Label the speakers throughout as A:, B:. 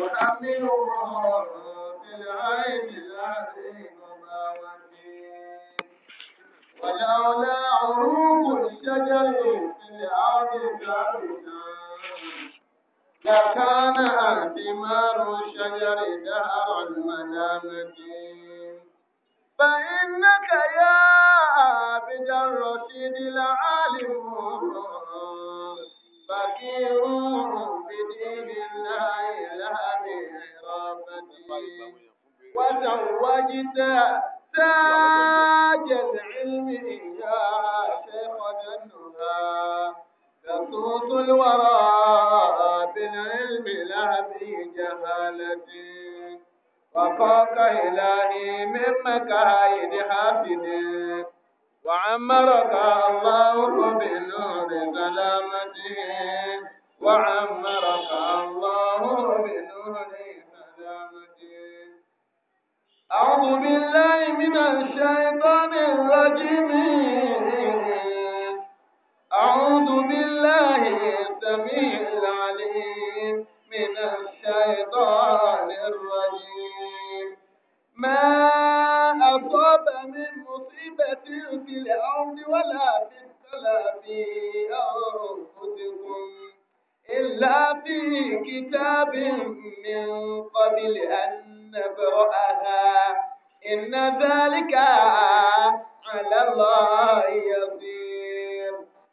A: وحملوها بالعين العظيم ما وكيل ولولا عروق الشجر في الأرض زرنا
B: لكان اهتمار الشجر دهر
A: الملامة
B: فإنك يا عابد الرشيد لعالم فكيروا بدين الله لا
A: بإرابته وزوجت
B: تاج العلم يا شيخ
A: جنها تسوط الورى
B: بالعلم
A: لا جهالتي وفاق إلهي من مكاين حافظ وعمرك الله بنور كلامته وعمرك الله بنور كلامته أعوذ بالله من الشيطان الرجيم أعوذ بالله السميع العليم من الشيطان
B: الرجيم ما أصاب من مصيبة في الأرض ولا في السماء في أنفسكم إلا في كتاب من قبل أن نبرأها
A: إن ذلك على الله يصير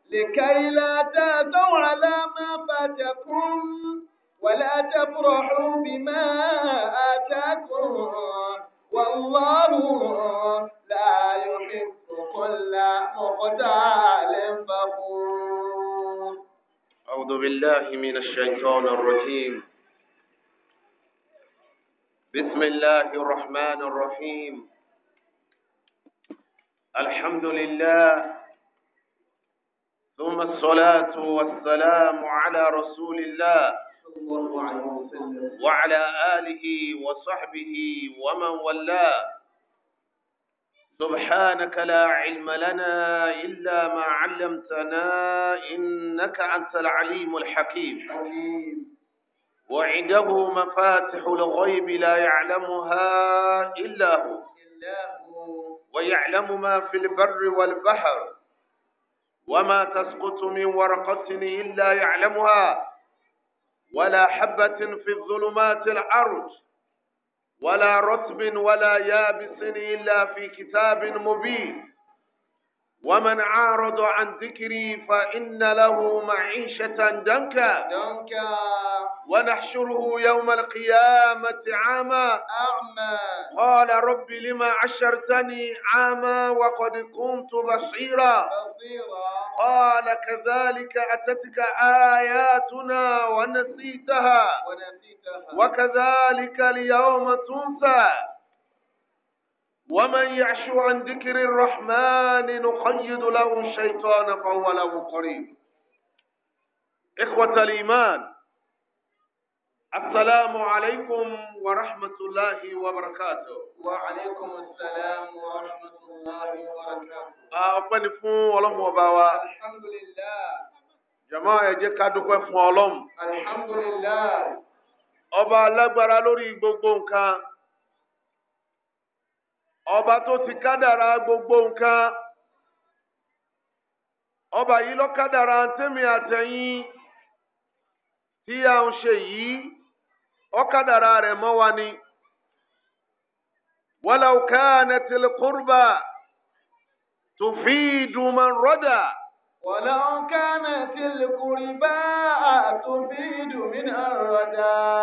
A: لكي لا تأتوا على
B: ما فاتكم ولا تفرحوا بما آتاكم
A: والله لا يحب كل مختال فخور
B: أعوذ بالله من الشيطان الرجيم بسم الله الرحمن الرحيم الحمد لله ثم الصلاة والسلام على رسول الله وعلى آله وصحبه ومن ولاه سبحانك لا علم لنا إلا ما علمتنا إنك أنت العليم الحكيم وعنده مفاتح الغيب لا يعلمها إلا هو ويعلم ما في البر والبحر وما تسقط من ورقة إلا يعلمها ولا حبة في الظلمات الأرض ولا رطب ولا يابس إلا في كتاب مبين ومن عارض عن ذكري فإن له معيشة دنكا دنكا ونحشره يوم القيامة عاما أعمى قال رب لما عشرتني عاما وقد كنت بصيرا بصيرا قال كذلك أتتك آياتنا ونسيتها ونسيتها وكذلك اليوم تنسى ومن يعش عن ذكر الرحمن نقيد له الشيطان فهو له قريب إخوة الإيمان السلام عليكم ورحمة الله وبركاته وعليكم السلام ورحمة الله وبركاته أفني فون ولم وباوا الحمد لله جماعة جكا دوكو فون الحمد لله أبا الله برالوري بوبون ọba tó ti kádàrá gbogbo nǹkan ọba yìí ló kádàrá tèmi àtẹ̀yin tí a ń ṣe yìí ó kádàrá rẹ̀ mọ́ wa ni. ولو كانت القربى تفيد من ردى ولو كانت القربى تفيد من الردى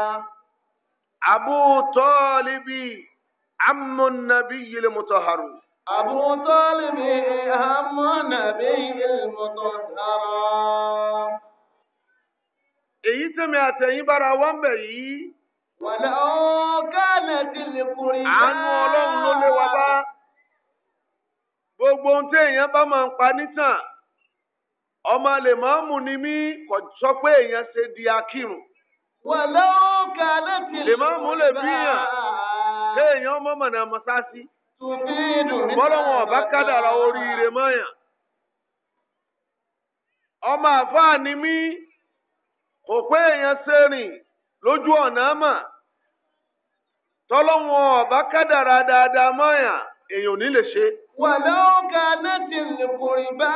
B: أبو طالب عم النبي المطهر أبو طالب هم النبي المطهر èyí tèmi àtẹ̀yìn bára wá ń bẹ̀ yìí. wàlẹ́ ọ̀gánà tilẹ̀ kúrì yi. wa bá. gbogbo ohun tí èèyàn bá máa ń pa nítàn ọmọ lè máa mú ni mí kò sọ pé èèyàn ṣe di akírun. lè mú lè bí yàn. kéèyàn mọ̀mọ̀nà mọ́sáàsì bọ́lọ́wọ́n ọ̀bá kádàrà oríire mọ́yàn. ọmọ àfáà ni mí kò pé èèyàn ṣe rìn lójú ọ̀nà mà tọ́lọ́wọ́n ọ̀bá kádàrà dáadáa mọ́yàn èèyàn ò ní lè ṣe. wàlẹ́ náà ti lè kórìí bá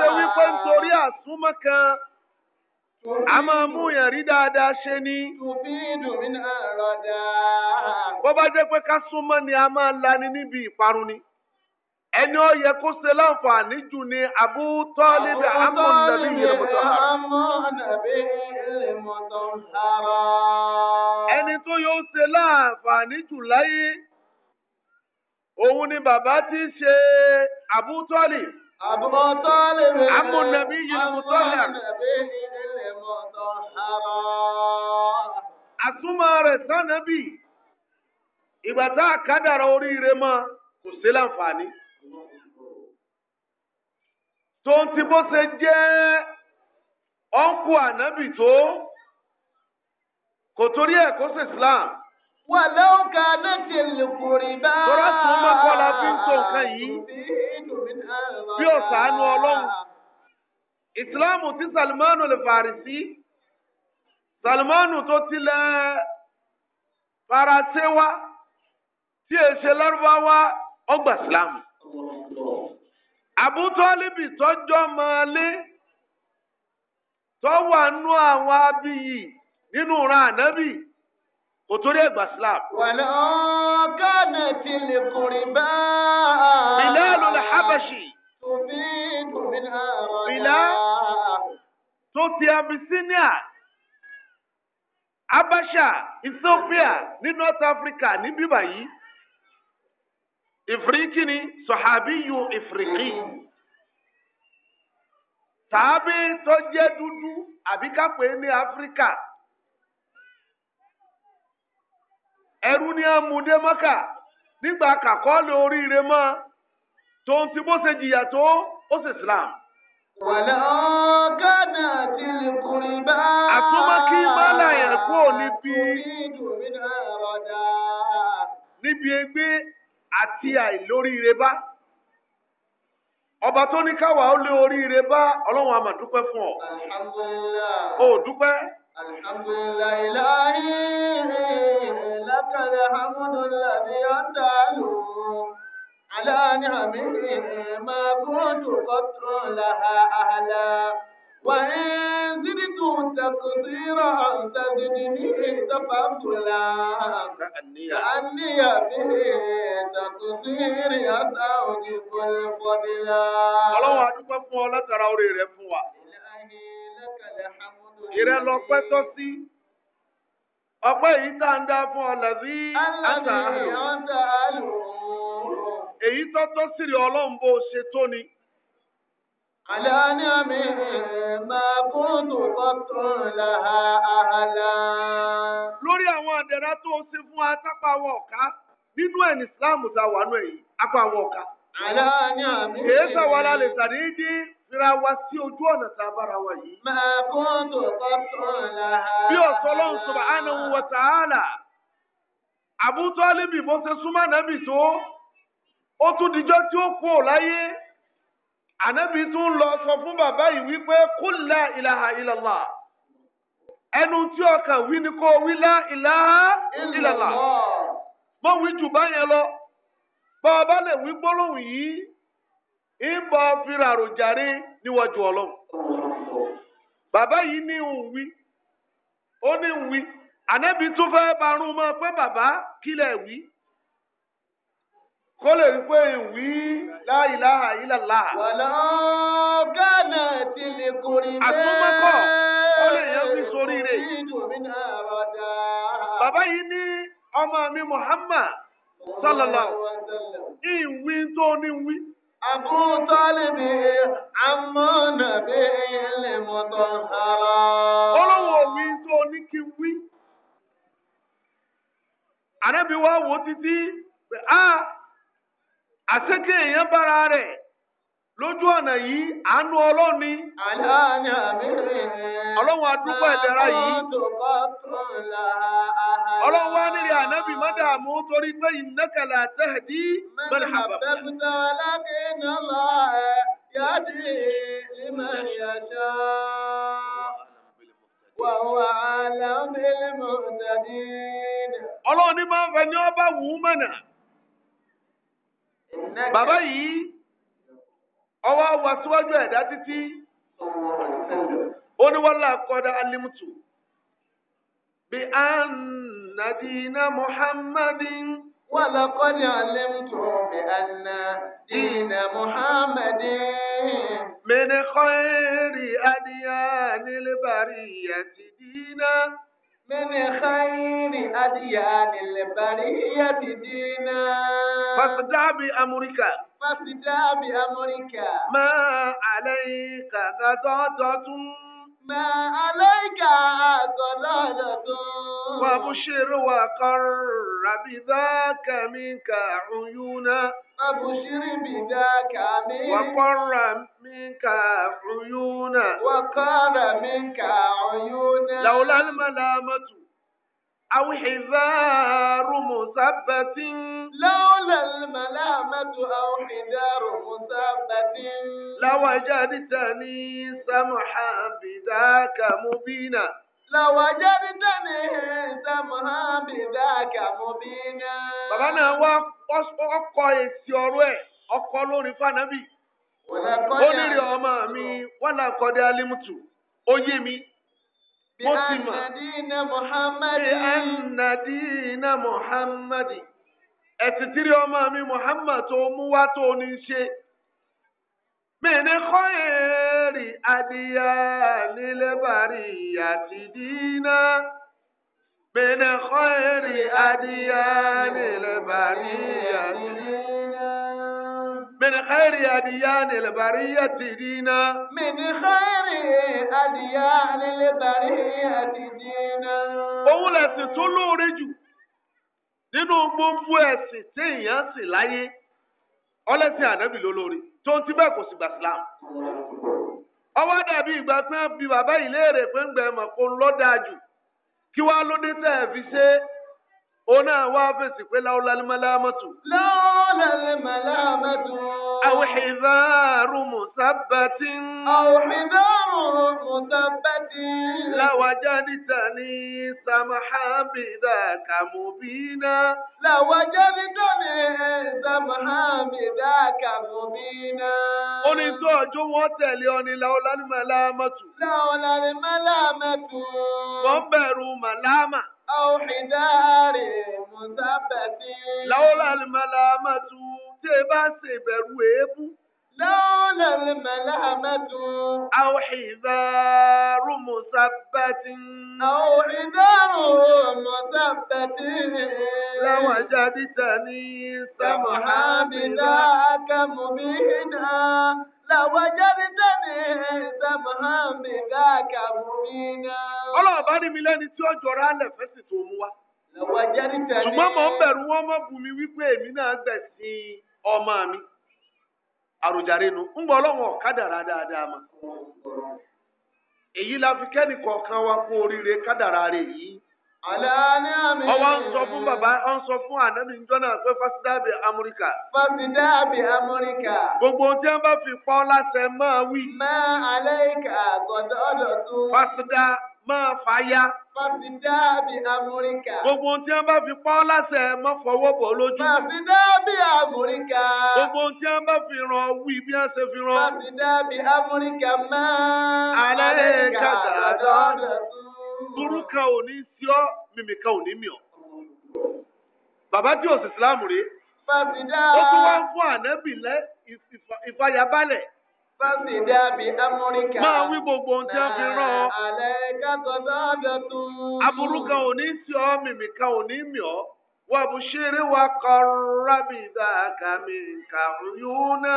B: a. nítorí àsúnmọ́ kan. a máa mú yàn rí dáadáa ṣe ni. bó bá jẹ́ pé ká súnmọ́ ni a máa lani níbi ìparun ni. ẹni ó yẹ kó ṣe láǹfààní jù ni Abu Talib amọ̀ nàbí ìyẹn mọ̀tọ́ hàrá. ẹni tó yóò ṣe láǹfààní jù láyé òun ni bàbá ti ṣe Abu Talib. أبو طالب عم النبي المطهر Àtúmọ̀ rẹ̀ sánàbì, ìgbà tá a kádàrà oríire mọ́, kò sí láǹfààní. Tó ń ti bó ṣe jẹ́ ọ̀nkù ànábì tó, kò torí ẹ̀ kó sí Islam.
A: Wàlẹ́ òkè anáti lùkùrì bá. Tọ́lá sùn mọ́ kọ́ la fi ń tó nǹkan yìí. Bí ó ṣàánú Ọlọ́run.
B: Ìsìláàmù tí Sàlmánù lè Fàrísì. Sàlmánù tó tilẹ̀ Faransé wá. Tí èṣe Lárúbáwá ọgbà Ìsìláàmù. Àbútọ́líbì tọ́jọ́ máa lé. Tọ́wọ́ àánú àwọn abiyì nínú ìran ànábì kò torí ẹgbà slab. wàlẹ́ ọ̀gánà ti lè kùnrin bá. bìláàlù lè hábàṣì. tòbí tòbí náà rọ̀dà. bìlá tó ti abisinia
A: abasha ethiopia
B: ní north africa ní bíbà ìfìríkì ni sọ̀hábíyù ìfìríkì tàbí tó jẹ́ dúdú àbíkápẹ́ ní áfíríkà. ẹrú ni a mú dé mọ́kà nígbà kàkọ́ lè oríire mọ́ tòun ti bó ṣe jìyà tó ó sì Islam. wàlẹ́
A: ọ̀gádà ti lè kùnrin bá. àtúmọ̀ kí mọ́là yẹn
B: kú níbi níbi àti àìlóríire bá ọba tó ní káwa ó lé oríire bá ọlọ́run dúpẹ́ fún ọ. o dúpẹ́. لك الحمد الذي أنت على نعمه ما كنت قطر لها أهلا وإن زدت تقصيرا تزدني لا كأني به تقصيري أستوجب الفضلا ọlọ́run adúpẹ́ fún ọ látara orí rẹ̀ fún lọ pẹ́ tọ́ sí. ọpẹ́ yìí tá ń dá fún ọlẹ́bí àtà àlò èyí tó tọ́ sírí ọlọ́run bó ṣe tó ni. àlàní àmì máa kúndùn kọ́tún làhà àhàlà. lórí àwọn àdẹ̀rà tó ṣe fún atápá àwọn nínú ẹ̀ ní a wà nù ẹ̀yìn kèésà wà lálẹ́ sàrí ní ríra wa sí ojú ọ̀nà tá a bára wa yìí. máa kún tó
A: kọ́tọ̀ bí
B: ọ̀sọ́ lọ́hùn subhanahu wa ta'ala Abu Talib bó ṣe súnmọ́ ànábì tó ó tún dijọ́ tí ó kú ò láyé ànábì sọ fún bàbá yìí wípé ẹnu tí ọkàn wí ni kò wí mọ̀ wí bá a bá lè wí gbólóhùn yìí ìbọ fira àròjàre níwájú ọlọ́run bàbá yìí ní òun wí ó ní òun wí ànábì tún fẹ́ barún mọ́ pé bàbá kílẹ̀ wí kó lè rí pé ìwí la ilaha illallah. wàlá gánà ti lè kórè bẹ́ẹ̀. àtúmọ̀kọ̀ ó lè yẹ fi sórí rẹ̀. bàbá yìí ní ọmọ mi Muhammad sálàlá ìwí tó ní wí. Abu Talibi amọ́nà bí ilé mọ́tọ́ ara. Olówó wí tó ní kí wí. Àrẹ́bí wá wo títí pé a ah, àṣẹ́kẹ́ èèyàn bára rẹ̀. lójú ọ̀nà yìí àánú ọlọ́run ni. àlàyé àbẹ̀rẹ̀. ọlọ́run adúgbò ẹ̀dára yìí.
A: ọlọ́run wá nílé ànábì
B: mọ́dàmú torí pé ìnákàlà àtẹ̀dí mẹ́rin àbàbà. mẹ́ta
A: aláàbí náà máa ẹ̀ yáàdì
B: ọlọ́run ní máa ń ọba wù ú mọ̀nà. bàbá ọwọ́ wa síwájú ẹ̀dá títí ó ní wọ́n làkọ́dá alimutu bí a nàdínà muhammadin. ولقد علمتم بأن دين محمد من خير أديان البرية دينا من خير أديان البرية دينا فاصدع بأمرك فاصدع بأمرك ما عليك غضاضة ما عليك ضلالة وبشر وقر بذاك منك عيونا وبشر بذاك منك وقر منك عيونا وقر منك عيونا لولا الملامة أو حذار مثبت لولا الملامة أو حذار مثبت لوجدتني سمحا بذاك مبينا لوجدتني سمحا بذاك مبينا bàbá náà wá ọkọ èsì ọ̀rọ̀ ẹ ọkọ lórí fanabi ó nílé ọmọ mi wọn là kọ́ de alimutu ó yé mi mo sì mọ̀ bí anna dina muhammadi ẹ̀sìn tírí ọmọ mi muhammad tó mú wá tó ní ṣe mene kọ́yẹ̀rì adìyà nílẹ̀ àti dínà. mene kọ́yẹ̀rì adìyà nílẹ̀ àti dínà. من خير أديان البرية دينا من خير أديان البرية دينا òun lẹ̀sìn tó lóore jù nínú gbogbo ẹ̀sìn téèyàn sì láyé ọlẹ́sìn ànábì ló lóore tó ń ti bẹ́ẹ̀ kò sì gbà sílám. ọwọ́ dàbí ìgbà tí wọ́n bi bàbá ìléèrè pé ń gbẹ̀mọ̀ kó lọ́dà jù kí wàá lóde tẹ̀ fi ṣe òun náà wá fèsì pé láwọn lálẹ́mọ́lámọ́tò. láwọn lálẹ́mọ́lámọ́tò. àwọn ìdáàrú mùsàbàtì. àwọn ìdáàrú mùsàbàtì. láwa jáníta ní samahamida kàmùbínà. láwa jáníta ní samahamida kàmùbínà. ó ní tó ọjọ́ wọn tẹ̀lé ọ ní láwọn lálẹ́mọ́lámọ́tò. láwọn lálẹ́mọ́lámọ́tò. wọ́n bẹ̀rù màlámà. أو حجار مثبت لولا الملامة تبس برويب
A: لولا الملامة
B: أو حذار مثبت أو حذار مثبت لوجدتني سمحا بذاك مبينا Ọlọ́run bá ní mi lẹ́ni tí ó jọra lẹ̀ fẹ́sì tó mú wa. Ṣùgbọ́n mò ń bẹ̀rù wọn mọ́ bu mi wípé èmi náà gbẹ̀sìn ọmọ mi. Àròjàre nu, ń bọ̀ dáadáa Èyí la fi kẹ́nìkọ̀ọ̀kan wa kú oríire kádàrà rẹ̀ yìí. ọwọ́ ń sọ fún bàbá ń sọ fún ànábì njọ́ náà pé fásidáàbì amúríkà. fásidáàbì amúríkà. gbogbo tí wọ́n bá fi pọ́ láṣẹ máa wí. máa alẹ́ gọ̀dọ̀ ọ̀dọ̀ fásidá máa fàyà. fásidáàbì amúríkà. gbogbo tí wọ́n bá fi pọ́ láṣẹ máa fọwọ́ bọ̀ lójú. fásidáàbì amúríkà. gbogbo tí wọ́n bá fi ràn wí bí wọ́n ṣe fi ràn. fásidáàbì amúríkà máa. alẹ́ gọ̀dọ̀ ọ̀dọ̀ tó. ò ní sí ọ mímí ká ò ní mì ọ́. bàbá tí ò sì sílámù rèé. fàmìdá. ó tún wá ń fún ànábì lẹ́ ìfàyàbalẹ̀. fàmìdá bíi amúríkà. máa wí gbogbo ohun tí wọ́n fi rán ọ. àlẹ́ kàtọ́ sọ́dọ̀ tún. aburú kan ò ní sí ọ mímí kan ò ní mì wàbùsírí wa kọ́ rábìdá kàmí kàrúyúná.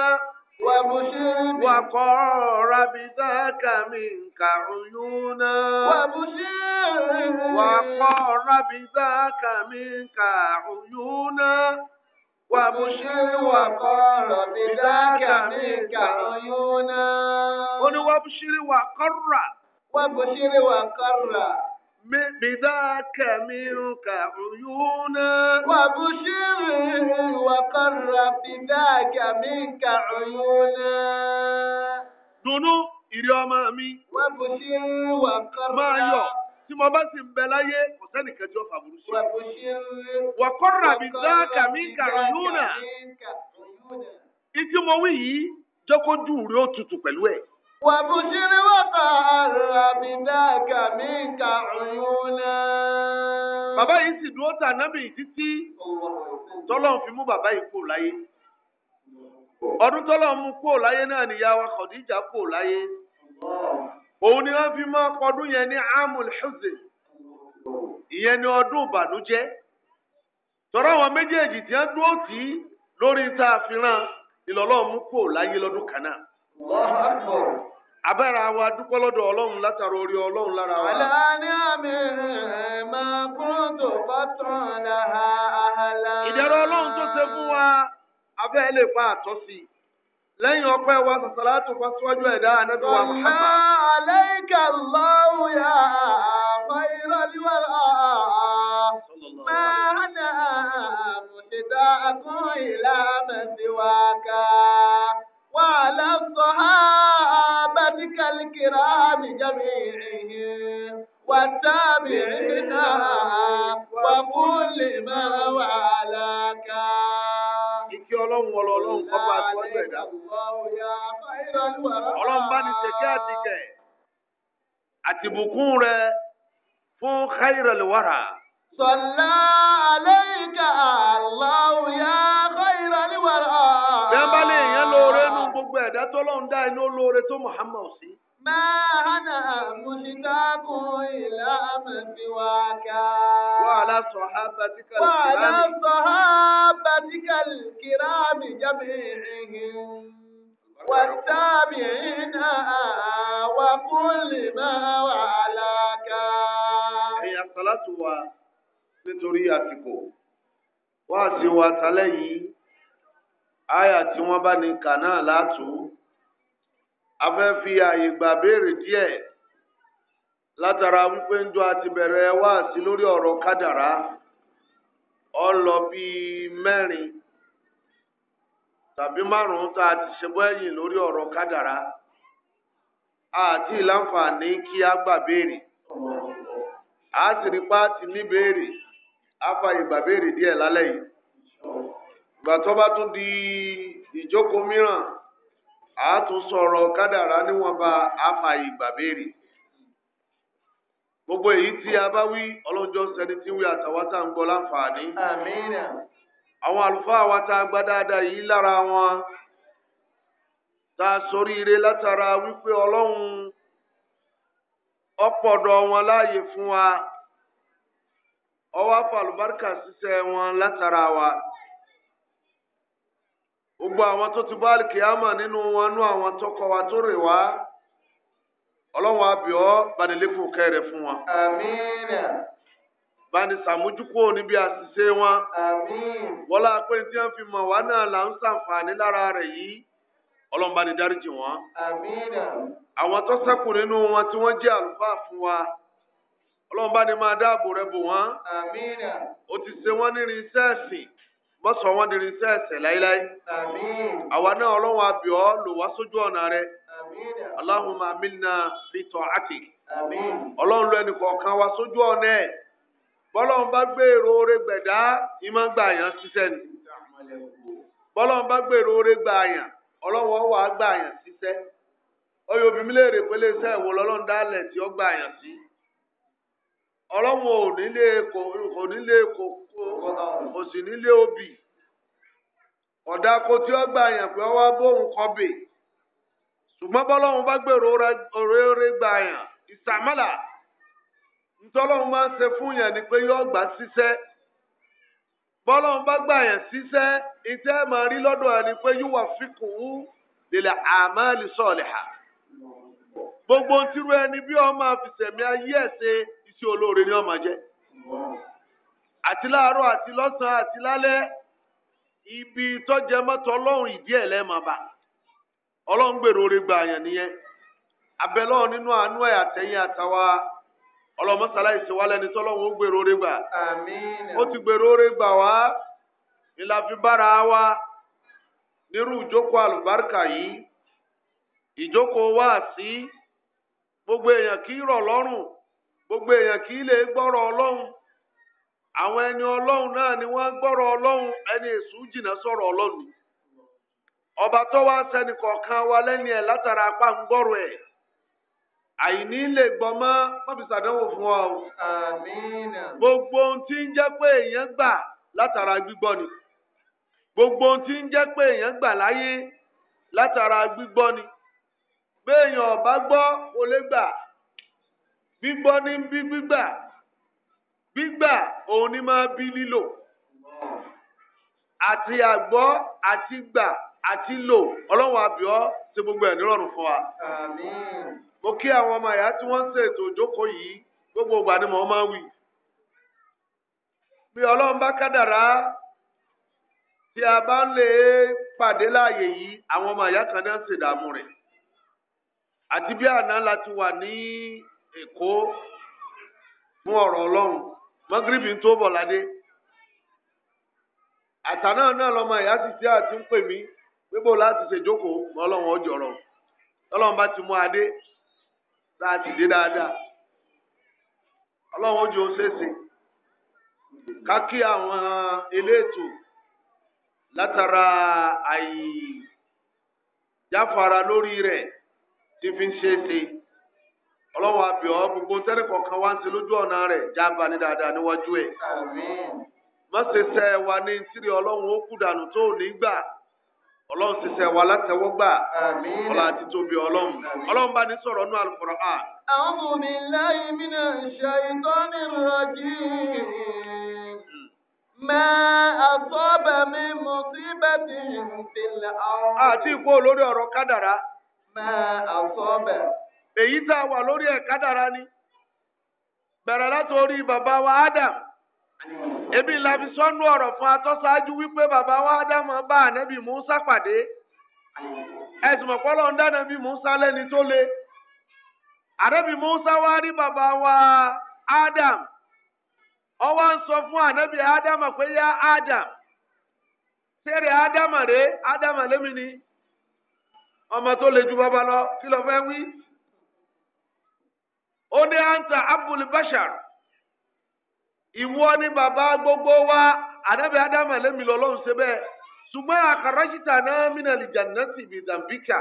B: وقال بذاك منك عيونا وقال بذاك منك عيونا وابشر وقال بذاك منك عيونا وابشر وقر وابشر وقر بذاك منك عيونا وبشر وقر بذاك منك عيونا dùnnú ìrì ọmọ mi. وبشر وقر máa yọ̀ tí mo bá sì ń bẹ láyé kò sẹ́nìkan jọ fàbùrù sí. وقر بذاك منك عيونا. ìtí mo wí yìí jẹ́ kó dùn rí òtútù pẹ̀lú ẹ̀. وبشر وقار عبدك منك عيونا bàbá yìí sì dúró tà nábì títí tọ́lọ́hún fi mú bàbá yìí kúrò láyé ọdún tọ́lọ́hún mú kúrò láyé náà nìyá wa Khadija kúrò láyé òun ni wọ́n fi máa kọdún yẹn ní amul huzn ìyẹn ni ọdún ìbànújẹ́ tọ́lọ́ àwọn méjèèjì tí wọ́n dúró tì í lórí tá a fi ràn ìlọ́lọ́hún mú kúrò láyé lọ́dún kan náà. abẹ́rẹ́ àwọn adúpọ́ lọ́dọ̀ ọlọ́run látara orí ọlọ́run lára wa. aláàánú àmì rẹ̀ máa kúrò tó bá tán láha àhàlà. ìdẹ̀rọ̀ ọlọ́run tó ṣe fún wa abẹ́ lè fa lẹ́yìn ọpẹ́ wa sàṣàlátù fa síwájú ẹ̀dá anábì wa ọ̀la àlẹ́kà lọ́wọ́ ìrọ̀lẹ́ wà máa وعلى صحابتك الكرام جميعهم والتابعين وكل من والاك ìkí ọlọ́run wọlọ ọlọ́run ọba àtúwájú ẹ̀dá ọlọ́run bá ní tẹ̀kẹ́ àtìkẹ́ àtìbùkún rẹ fún khairul wara. sọlá alayka Allahu ya bẹ́ẹ̀ bá lè yẹn lóore gbogbo ẹ̀dá tọ́lọ́run dá iná olóore tó Muhammad sí. máa hànà mùsítàbù ìlà àmàbí wa ká. wàhálà sọ bàtíkàlì kìrámì. wàhálà sọ bàtíkàlì kìrámì jábì ìhìn. والتابعين وكل ما وعلاك. هي الصلاة nítorí àsìkò wá sí wa tálẹ́ yìí Aya tí wọ́n bá ní kà náà látú a fẹ́ fi àyè gbà béèrè díẹ̀ látara wípé ń jọ àti bẹ̀rẹ̀ wá sí lórí ọ̀rọ̀ kádàrá ọ lọ bíi mẹrin. tàbí márùn-ún tá a ti ṣe bọ́ẹ̀yìn lórí ọrọ kádàrá àti ìlànfààní kí a gbà béèrè a sì rí pàtì níbèrè a fa ìgbà béèrè díẹ̀ lálẹ́ yìí. gbàtọ́ bá tún di ìjókòó mìíràn a tún sọrọ kádàrá níwọ̀nba àfààyè ìgbàbéèrè gbogbo èyí tí a bá wí ọlọ́jọ́ sẹni tí wí àtàwọn tá ń gbọ́ láǹfààní. àmínà. àwọn àlùfáà wa tá a gbá dáadáa yìí lára wọn tá a soríire látara wípé ọlọ́run ọ̀pọ̀dọ̀ wọn láàyè fún wa ọwọ́ àfàlùbáríkà ṣiṣẹ́ wọn látara wa. gbogbo àwọn tó ti bá kìámà nínú wọn nú àwọn tó wa tó rè wá ọlọ́run àbíọ́ banilékun kẹrẹ fún bani sàmójúkú níbi àṣìṣe wọn. àmín. bọ́lá pé tí fi mọ̀ wá náà là ń ṣàǹfààní lára rẹ̀ yìí ọlọ́run bá ní dáríjì wọn. àmínà. àwọn tó nínú wọn tí wọ́n jẹ́ àlùfáà fún wa ọlọ́run bá ní máa dáàbò rẹ̀ bò wọ́n. àmínà. ti ṣe wọ́n nírin iṣẹ́ ẹ̀sìn. mọ́sàn wọn dirin sí ẹ̀ṣẹ̀ láíláí. àwa náà ọlọ́run àbí ọ́ lò wá sójú ọ̀nà rẹ̀. Allahumma amilna li ta'atik. ọlọ́run lọ ẹnì kọ̀ọ̀kan wá sójú ọ̀nà ẹ̀. bọ́lọ́run bá gbèrò oore gbẹ̀dá ìmọ̀ gbà yàn ṣiṣẹ́ ni. bọ́lọ́run bá gbèrò oore gbà yàn ọlọ́run ọwọ́ àgbà yàn ṣiṣẹ́. ọyọ obìnrin léèrè pé lè sẹ́ ìwọ lọ́lọ́run dálẹ̀ tí ó gbà yàn sí. ọlọ́wọ́ ò nílé kò nílé kò nílé obì ọ̀dà kò tí ó gbà yàn pé ọwọ́ bóun kọ́bì ṣùgbọ́n bọ́lọ́hún bá gbèrò oore gbà yàn ìsàmọ́là ntọ́lọ́hún máa ń ṣe fún ni pé yóò gbà bọ́lọ́hún bá gbogbo ẹni bí ọ máa tí olóore ni ọmọ jẹ àti láàárọ̀ àti lọ́sàn-án àti lálẹ́ ibi tọjẹ mọtò Ọlọ́run ìdí ẹ lẹẹmọba Ọlọ́run gbèrò orí gba àyàn nìyẹn abẹlọ nínú àánú ẹ àtẹ̀yìn àtàwa ọlọmọsálá ìṣèwálẹni tọlọ́run ó gbèrò orí gbà ó ti gbèrò orí gbà wá ìlà fi bára wa nírú ìjókòó àlùbáríkà yìí ìjókòó wá sí gbogbo èèyàn kí rọ̀ gbogbo èèyàn kì í lè gbọ́rọ̀ ọlọ́run àwọn ẹni ọlọ́run náà ni wọ́n gbọ́rọ̀ ọlọ́run ẹni èṣù jìnnà sọ̀rọ̀ ọlọ́run ọba tó wá sẹ́ni kọ̀ọ̀kan wa lẹ́yìn ẹ̀ látara apá ń gbọ́rọ̀ ẹ̀ àìní lè gbọ́ mọ́ mọ́bìsàdánwò fún ọ. gbogbo ohun tí ń jẹ́ pé èèyàn gbà látara gbígbọ́ ni gbogbo ohun tí ń jẹ́ pé èèyàn gbà láyé látara gbígbọ́ ni béèyàn ọba gbọ́ kò lè gbà gbígbọ́ ní bí gbígbà gbígbà òun ni máa bí lílò àti àgbọ́ àti gbà àti lò ọlọ́run àbíọ́ ṣe gbogbo ẹ̀ nírọ̀rùn fún wa. mo kí àwọn ọmọ ìyá tí wọ́n ń ṣe ètò ìjókòó yìí gbogbo ìgbà ni mo máa ń wí. bí ọlọ́run bá kádàrá tí a bá ń lè pàdé láàyè yìí àwọn ọmọ ìyá kan náà ń ṣèdààmú rẹ̀. àti bí àná la wà ní èkó fún ọ̀rọ̀ ọlọ́run mọ́gírìbì tó bọ̀ ládé àtàná náà lọ́mọ ìyá sì sí àti ń pè mí pé láti ṣèjókòó mọ́ ọlọ́run ọjọ́ ọlọ́run bá ti mú adé láti dé dáadáa ọlọ́run ojú ṣèṣe kákí àwọn elétò látara àyè jáfara lórí rẹ̀ ti fi ń ọlọ́wọ́ àbí gbogbo tẹ́lẹ̀ kọ̀ọ̀kan wá ń lójú ọ̀nà rẹ̀ jábà ní dáadáa níwájú ẹ̀. má ṣe wa ní ọlọ́run ó dànù tó ò ní gbà ọlọ́run ṣe tẹ wa àti tóbi ọlọ́run ọlọ́run bá ní sọ̀rọ̀ àti ìkó olórí ọ̀rọ̀ kádàrá. èyí tá a wà lórí ẹ̀ dára ni bẹ̀rẹ̀ látòrí bàbá wa Adam ebi ńlá sọ́nù ọ̀rọ̀ fún atọ́sáájú wípé bàbá wa Adam bá Musa pàdé ẹ̀sùn mọ̀pọ́lọ́ ń Musa lẹ́ni tó le Musa wá rí bàbá wa Adam wá ń sọ fún Adam pé yá Adam sẹ́rẹ̀ Adam rèé Adam lémi ó ní anta abul bashar ìwọ ni baba gbogbo wa anabi adamu ẹlẹmi lọlọrun ṣe bẹ́ẹ̀ ṣùgbọ́n àkàràṣìtà náà mìíràn ìjànàtì bìdàmbíkà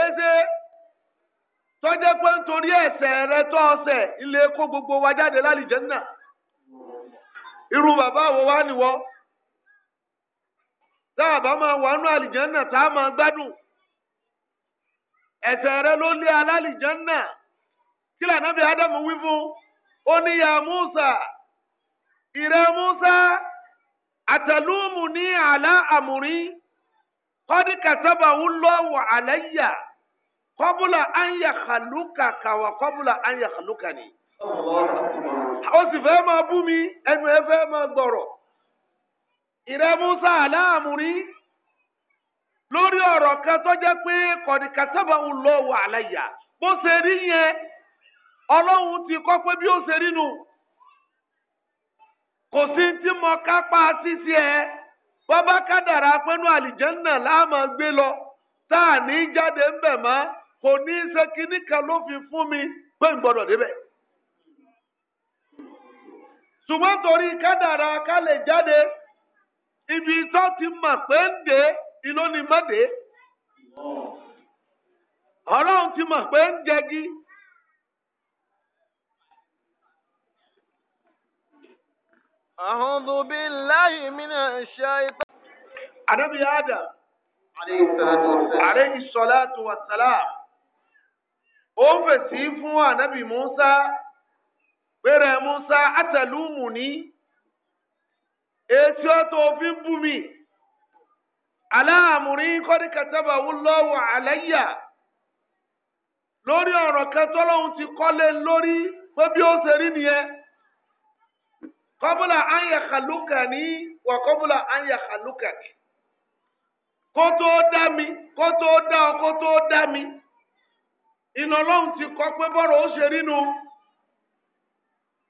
B: ẹsẹ tọjẹ pé nítorí ẹ̀ṣẹ̀ rẹ tọ ọsẹ ilé kó gbogbo wa jáde lálìjẹnà irú baba wo wá nìwọ sábà máa wà nù àlìjẹnà tá a máa gbádùn ẹ̀ṣẹ̀ rẹ ló lé alálìjẹnà. kí lànàbí ádámù wí fún ó ní ya Musa ìrẹ Musa àtàlùmù ní àlá àmùrí kọ́dí kàtàbà ń lọ́wọ́ àlẹ́yà kọ́bùlà ànyà kàlùkà kàwà kọ́bùlà ànyà kàlùkà ni. ó sì fẹ́ máa bú mi ẹnu ẹ fẹ́ máa gbọ̀rọ̀ ìrẹ Musa àlá àmùrí lórí ọ̀rọ̀ kan tó jẹ́ pé kọ̀dí kàtàbà ń lọ́wọ́ àlẹ́yà bó ṣe rí yẹn ọlọ́run ti kọ́ pé bí ó ṣe rí nu kò sí tí mo kápá ṣíṣe ẹ bọ́bá kádàrá pẹ́nu àlìjẹ́nà láàmú gbé lọ tá ní jáde ń bẹ̀ mọ́ kò ní í ṣe ló fi fún mi pé n gbọ́dọ̀ ibi tó ti mọ̀ pé ń dé ìlónìí mọ́ dé ọlọ́run ti أعوذ بالله من الشيطان النبي آدم عليه الصلاة والسلام ó fèsì fún ànábì Musa péré Musa àtẹlùmù ní etí ọtọ òfin bú mi aláàmúrí kọ́ni kẹtẹ́bà wúlọ́wọ́ àlẹ́yà lórí ọ̀rọ̀ kẹtọ́lọ́hún ti kọ́lé kọ́bùlà ànyàkàlùkà ní wà kọ́bùlà ànyàkàlùkà kì kó tó dá mi kó tó dá ọ kó tó dá mi iná ọlọ́run ti kọ́ pé bọ́rọ̀ ó ṣe rínu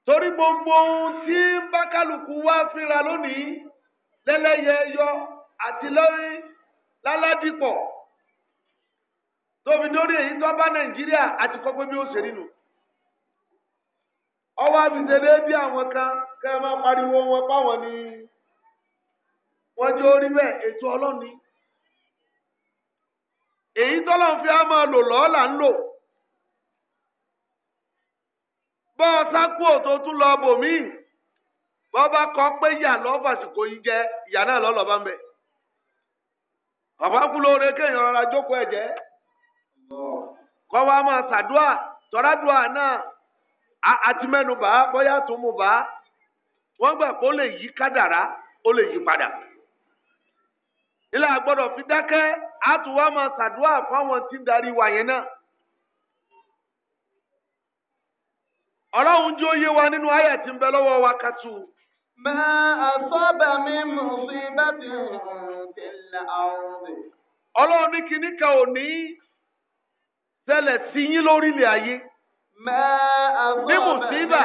B: torí gbogbo ohun tí bákàlùkù wá fínra lónìí lẹ́lẹ́yẹ yọ àti láládìpọ̀ tóbi lórí èyí tó bá nàìjíríà àti kọ́ pé bí ó ṣe rínu. ọwọ́ àbìsẹ̀ débi àwọn kan kẹ́ máa pariwo wọn páwọn ni wọ́n jẹ́ orí ni èyí tọ́lọ́run fi máa lò lọ́ọ́ ń lò bọ́ ọ tó lọ bòmíì bá kọ pé yà lọ fàṣìkò yìí jẹ ìyá náà lọ́ọ́ bá ń bàbá kú lóore kéèyàn rárá jókòó àti mẹ́nubà bóyá tó mu bá wọ́n gbà kó lè yí kádàrá ó lè yí padà ilé àgbọ́dọ̀ fi dákẹ́ àtúwá máa ṣàdúrà fáwọn tí ń darí wa yẹn náà. ọlọ́run jí ó yé wa nínú ayé tí ń bẹ lọ́wọ́ wa kàtú. ma asaba min musibatin fil ardi. ọlọ́run ní kinní ò ní ṣẹlẹ̀ sí yín lórílẹ̀ ayé ní mùsíbà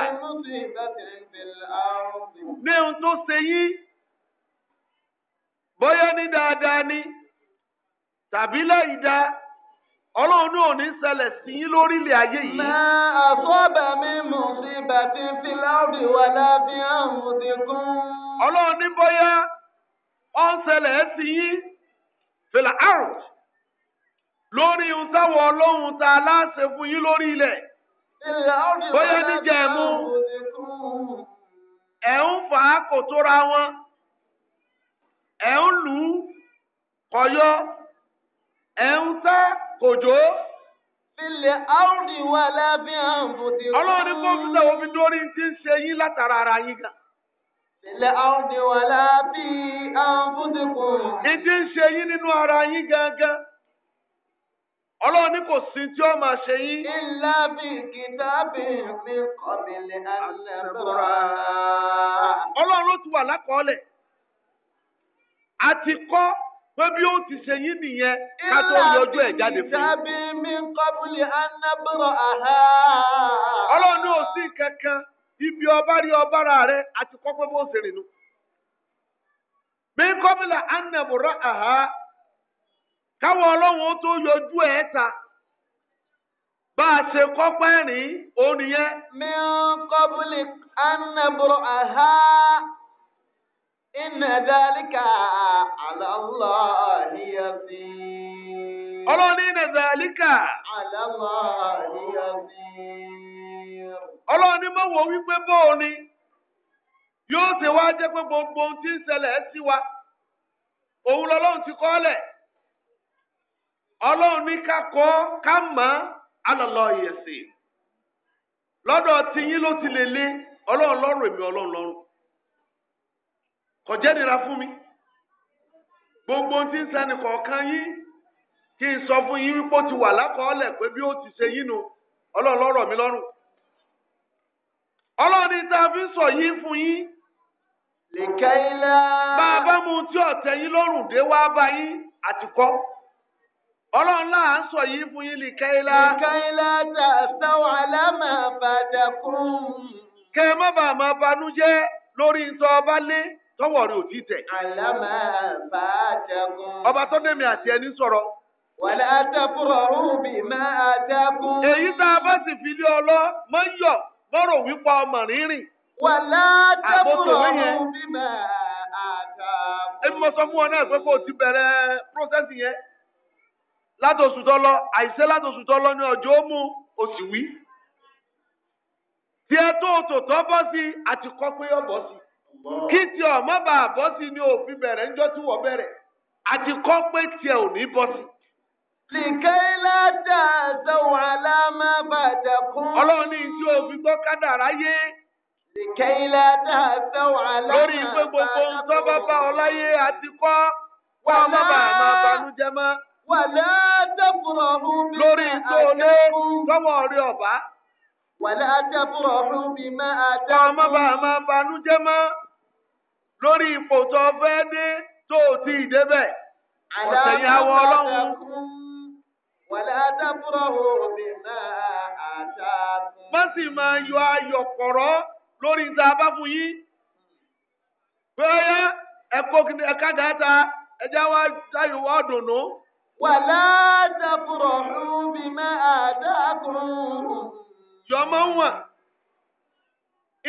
B: ní ohun tó ṣe yín bóyá ní dáadáa ni tàbí láì dáa ọlọ́run náà ní ṣẹlẹ̀ sí yín lórílẹ̀ ayé yìí. mà á mi mú sí bàtí fíláùdì wà lábí àrùn ti kún. ọlọ́run ní bóyá ó ń ṣẹlẹ̀ sí yín fìlà àrùn lórí ohun táwọn ọlọ́run ta láṣẹ fún yín lórí bóyá níjẹ̀mú ẹ̀ ń fà á kò tóra wọn ẹ̀ ń lù ú kọyọ ẹ̀ ń sá kòjó. Ilẹ̀ áùdì wà lábẹ́ àǹbùdì. Ọlọ́run ní kófíńtà wo fi dórí ti ń ṣe yín látara ara yín gan. Ilẹ̀ áùdì wà lábẹ́ àǹbùdì kù. Ìdí ń ṣe yín nínú ara yín gangan. ọlọ́run ní kò sí tí ó máa ṣe yín. ilá bí kìtàbí mi
A: kọ̀bìlì àlẹ́bùrà.
B: ọlọ́run ti wà lákọọ́lẹ̀ a ti kọ́ pé bí ní ò sí ibi ọba rí ọba ra rẹ a ti kọ́ pé bó ṣe rìn nù. káwọn ọlọ́run tó yọjú ẹ̀ ta bá a ṣe kọ́pẹ́ rìn òun nìyẹn. mi ń kọ́bùlì anaburo aha iná dálíkà àlọ́lọ́ ọlọ́run ní iná dálíkà. ọlọ́run ní mọ̀wọ́ wípé ni yóò ṣe wá jẹ́ pé gbogbo ohun tí ń ṣẹlẹ̀ sí wa òun lọ́lọ́run ti kọ́ lẹ̀. ọlọ́run ní ká kọ́ ká mọ̀ alọ́lọ́ ìyẹ̀sìn lọ́dọ̀ tiyín ló ti lè lé ọlọ́run lọ́rùn èmi ọlọ́run lọ́rùn kò jẹ́ nira fún mi gbogbo tí ń sẹ́ni kọ̀ọ̀kan yín kí n sọ fún yín wípé ó ti wà lákọọ́lẹ̀ pé bí ó ti ṣe yín nu ọlọ́run lọ́rọ̀ mi lọ́rùn ọlọ́run ní tá a fi ń sọ yín fún yín lè kẹ́ ilé bá a bá mu tí ọ̀tẹ̀ yín lọ́rùn dé wá bá yín àtikọ́. ọlọ́run náà ń sọ yìí fún yín lè káyílá. káyílá ta sáwọn alámà bàdà kún. kẹ má bàa máa lórí ntọ́ ọba lé tọwọ́ rẹ ò tí alámà ọba tó àti ẹni sọ̀rọ̀. wàlá àtàkùrọ̀ rúbì máa dákun. èyí tá a bá sì fi lé ọ lọ mọ́ o ti bẹ̀rẹ̀ yẹn. látòsù tó àìsẹ́ ní ọjọ́ mú oṣù wí. tí ẹ tó tòótọ́ bọ́ sí àti kọ́ pé yọ bọ́ sí. kí tí ọmọ bá a bọ́ sí ni òfin bẹ̀rẹ̀ ńjọ́ tí wọ́n bẹ̀rẹ̀ àti kọ́ pé tiẹ̀ ò ní bọ́ sí. gbogbo ohun tó bá bá ọ láyé àti kọ́ Wàlẹ́ dẹ́kùrọ̀ ọ̀hún mi máa dẹ́kùn. Lórí tó lé rí ọ̀bá. Wàlẹ́ dẹ́kùrọ̀ ọ̀hún mi máa dẹ́kùn. Kọ́ ọmọ bá máa banújẹ́ lórí ipò tó tó ti wàlá dàbúrọ̀ bí máa àdáàkùn. yọmọ wọn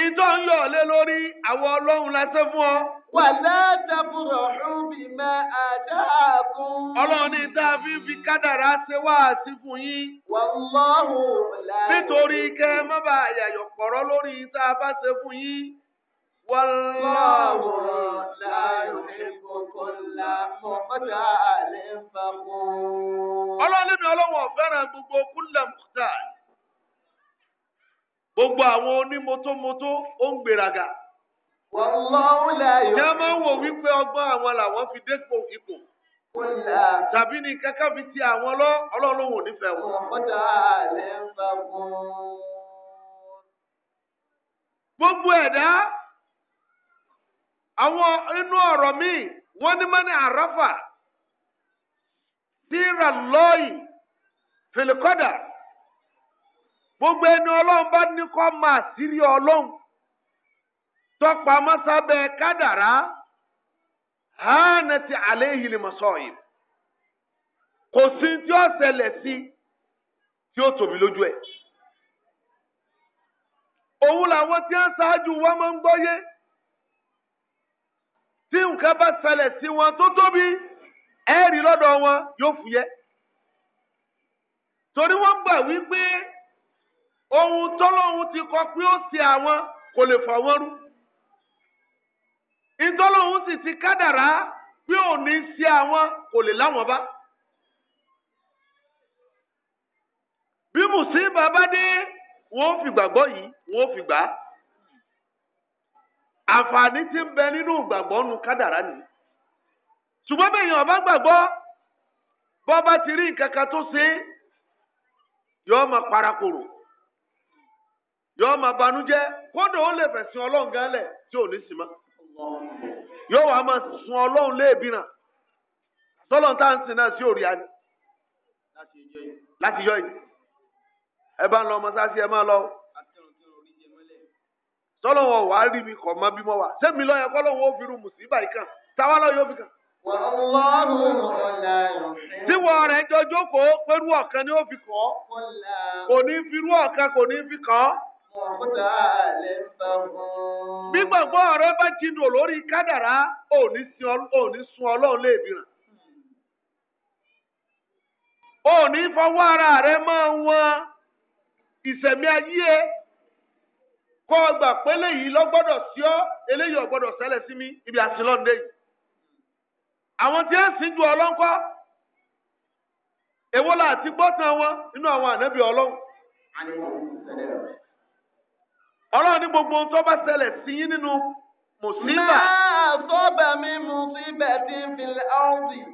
B: ìjọ ń yọ ọlẹ lórí àwọn Ọlọ́run lásán fún ọ. wàlá dàbúrọ̀ bí máa àdáàkùn. Ọlọ́run ní tá a fi fi kádàrá ṣe wá àti fún yín. wàlọ́hùn láì. nítorí kẹ́ ẹ má bàa lórí tá a bá ṣe fún yín. والله لا يحب كل مختال فخور ọlọ́run mi ọlọ́wọ̀n fẹ́ràn gbogbo kúlẹ̀ mختال gbogbo àwọn onímọ́tómọ́tó ó ń gbéraga. Wallahu la yóò. Ìyá máa ń wò wípé ọgbọ́n àwọn làwọn fi dépò ipò tàbí ní kẹ́kẹ́ fi ti àwọn lọ ọlọ́run ò nífẹ̀ẹ́ wọn. ọ̀pọ̀ta àlẹ́ ń bá wọn. gbogbo ẹ̀dá àwọn inú ọ̀rọ̀ míì wọ́n ní mọ́ni àràfà lọ́ọ̀yì fìlìkọ́dà gbogbo ẹni ọlọ́run bá ní kọ́ máa sírí ọlọ́run tọ́pa mọ́sábẹ́ kádàrá hánà ti àléhìn ni mọ̀sọ́ọ̀yì kò sí tí ó ṣẹlẹ̀ sí tí ó tóbi lójú ẹ̀ tí nǹkan bá ṣẹlẹ̀ sí wọn tó tóbi ẹ̀rí lọ́dọ̀ wọn yóò fúyẹ́ torí wọ́n gbà wípé ohun tọ́lọ́hun ti kọ pé ó ṣe àwọn kò lè fà wọ́n rú ìtọ́lọ́hun sì ti kádàrá pé ò ní ṣe àwọn kò lè láwọn bá. bí mùsíbà bá dé wọn ò fi gbàgbọ́ yìí wọn ò fi gbà á. àǹfààní ti ń bẹ nínú ìgbàgbọ́ nu kádàrá ni ṣùgbọ́n bẹ́ẹ̀ yàn bá gbàgbọ́ bọ́ bá ti rí nǹkan kan tó ṣe é yọọ máa parakòrò yọọ máa banújẹ́ kódà ó lè fẹ̀sìn Ọlọ́run gan tí ò ní sì máa sun Ọlọ́run léèbí náà sọlọ́n tá à ń sìn náà sí òrìà ni láti yọ yìí ẹ bá ń lọ ọmọ sáà sí ẹ máa lọ. sọlọ́wọ́ wà á rí mi kọ̀ mọ́ bí mo wà sẹ́mi lọ́yẹ kọ́lọ́wọ́ ó fi rú mùsíbà yìí kàn táwa lọ́yẹ ó fi kàn. tiwọ kó ni ó fi Kò ní fi rú kò ní fi Bí gbàgbọ́ rẹ bá jinlò lórí kádàrá, ò sun ọlọ́run léèbì ràn. Ò fọwọ́ ara rẹ máa ń kọ́ ọgbà pélé yìí lọ gbọ́dọ̀ sí ọ́ eléyìí ò gbọ́dọ̀ ṣẹlẹ̀ sí mi ibi àtìlọ́dẹ yìí. àwọn tí ń sìn ju ọlọ́ńkọ́ èwo la ti gbọ́ tán wọn nínú àwọn ànábì ọlọ́run. ọlọ́run ní gbogbo ohun tó bá ṣẹlẹ̀ sí yín nínú mùsíbà. máa sọ́bà mi mùsíbà ti fi ọ̀rùn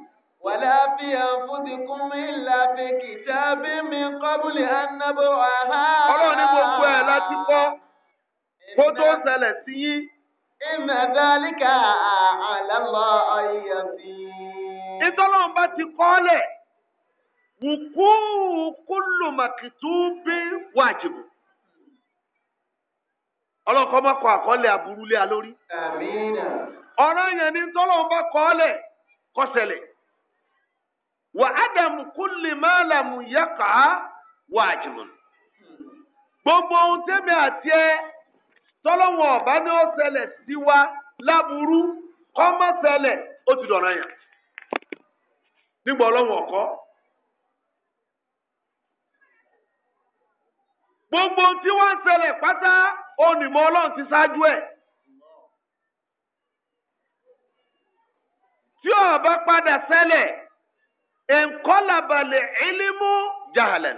B: wàlá fi àǹfùsìkún mi là fi kìtàbí mi kọ́bùlì ànábọ̀ àhá. ọlọ́run ní gbogbo ẹ̀ láti kọ́. kó tó ṣẹlẹ̀ sí yí inna dhalika ala Allahi yasir. bá ti kọ́lẹ̀ wùkú kullu maktubin wajib. ọlọ́kọ́ má kọ àkọọ́lẹ̀ aburú ni bá kọ́lẹ̀ kó ṣẹlẹ̀ wà ádámù kúlì máàlámù yàkà gbogbo ohun tẹ́mi tọ́lọ́wọ́n ọ̀bá ní ó ṣẹlẹ̀ sí wa láburú kọ́mọ́ ṣẹlẹ̀ ó ti dọ̀rọ̀ yàn nígbà ọ̀kọ́. gbogbo tí wọ́n ń ṣẹlẹ̀ pátá onímọ̀ ọlọ́run ti ṣáájú ẹ̀. tí ó bá padà ṣẹlẹ̀ nkọ́labalẹ̀ ẹlẹ́mú jahalẹ̀.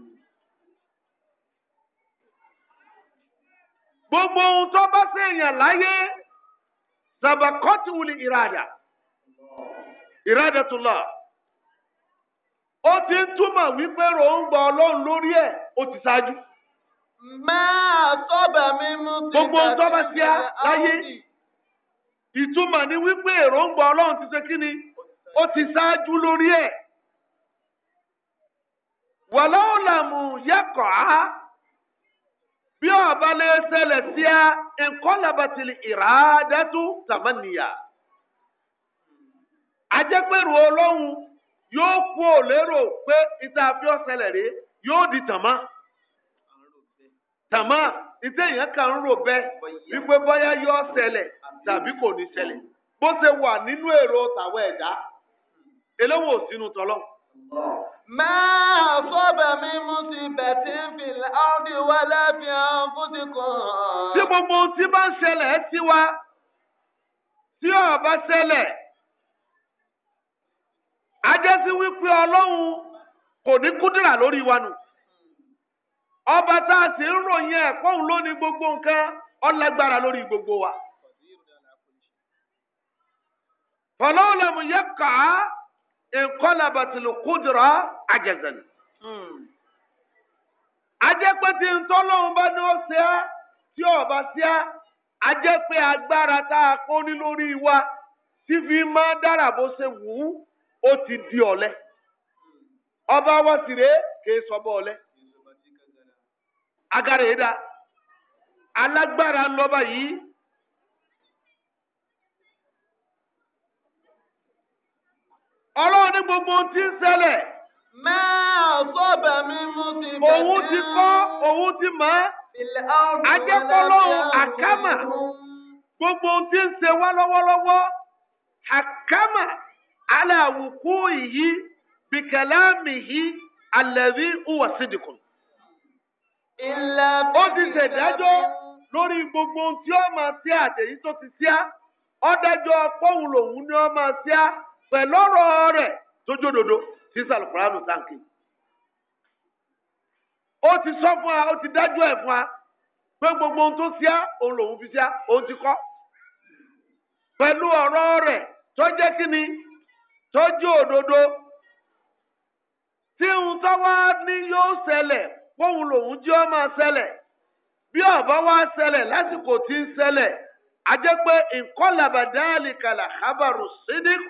B: gbogbo ohun tó bá sèèyàn láyé wuli ìràdà ìràdà tó lọ. ó ti ń túmọ̀ wípé ròǹgbà ọlọ́run lórí ẹ̀ ó ti ṣáájú. máa tọ́bà mi mú gbogbo ohun tó bá sí a láyé ìtumọ̀ ni wípé èròǹgbà ọlọ́run ti ṣe kí ni ó ti ṣáájú lórí ẹ̀. bí ọba lè ṣẹlẹ̀ sí a nǹkan labatìlì ìràádẹ́tù tàmánìyà. ajẹ́pẹ̀rù ọlọ́run yóò kú ò lérò pé ìta fi ọ̀sẹ̀lẹ̀ rè yóò di tàmá. tàmá ìtẹ́ èèyàn kan ń rò bẹ́ẹ̀ wípé bóyá yóò ṣẹlẹ̀ tàbí kò ní ṣẹlẹ̀ bó ṣe wà nínú èrò tàwọn ẹ̀dá eléwọ̀n tọ́lọ́. ما أصاب من مصيبة في الأرض ولا في أنفسكم. tí gbogbo tí bá ń ṣẹlẹ̀ sí wa tí ó bá ṣẹlẹ̀ ajẹ́sí wípé ọlọ́run kò ní kúdìrà lórí wa nù ọba tá a sì ń ròyìn ẹ̀ pọ́ùn ló gbogbo nǹkan ọlágbára lórí gbogbo wa. fọlọ́ọ̀lẹ́mù yẹ kàá. nkọlabatulu kudura ajazan. Hmm. ajẹ́pẹ́tì ntọ́lọ́hún bá ní ó ṣe á tí ọba ṣe á ajẹ́pẹ́ agbára tá a wa tí fi ma dára bó wù ti di ọba sọ bọ agara yìí. ọlọ́run ní gbogbo ohun tí ń ṣẹlẹ̀. máa sọ́ọ̀bẹ̀ mi mú ti bẹ̀rẹ̀. òun ti kọ́ òun ti mọ̀ ẹ́. ajẹ́pọ̀lọ́hún àkámà gbogbo ohun tí ń ṣe wá lọ́wọ́lọ́wọ́ àkámà aláwùkú yìí bìkẹ́lámì yìí alẹ́rí hùwà sídìkùn. ó ti ṣèdájọ́ lórí gbogbo ohun tí ó máa ṣe tó ti ṣíá ó dájọ́ ni ó máa ṣíá pẹ̀lú ọ̀rọ̀ rẹ̀ tó jódodo sísá lùkùránù tàǹkì. ó ti sọ fún wa ó ti dájú ẹ̀ fún wa pé gbogbo ohun tó ṣíá òun lòun fi ṣíá òun ti kọ́. pẹ̀lú ọ̀rọ̀ rẹ̀ tó jẹ́ kí ni tó jẹ́ òdodo tí ohun tó wá ní yóò ṣẹlẹ̀ kóhun lòun jẹ́ ó máa ṣẹlẹ̀ bí ọ̀bá wá ṣẹlẹ̀ lásìkò tí ń ṣẹlẹ̀ a jẹ́ pé nǹkan làbàdàn àlìkàlà kábàrò sídìkù.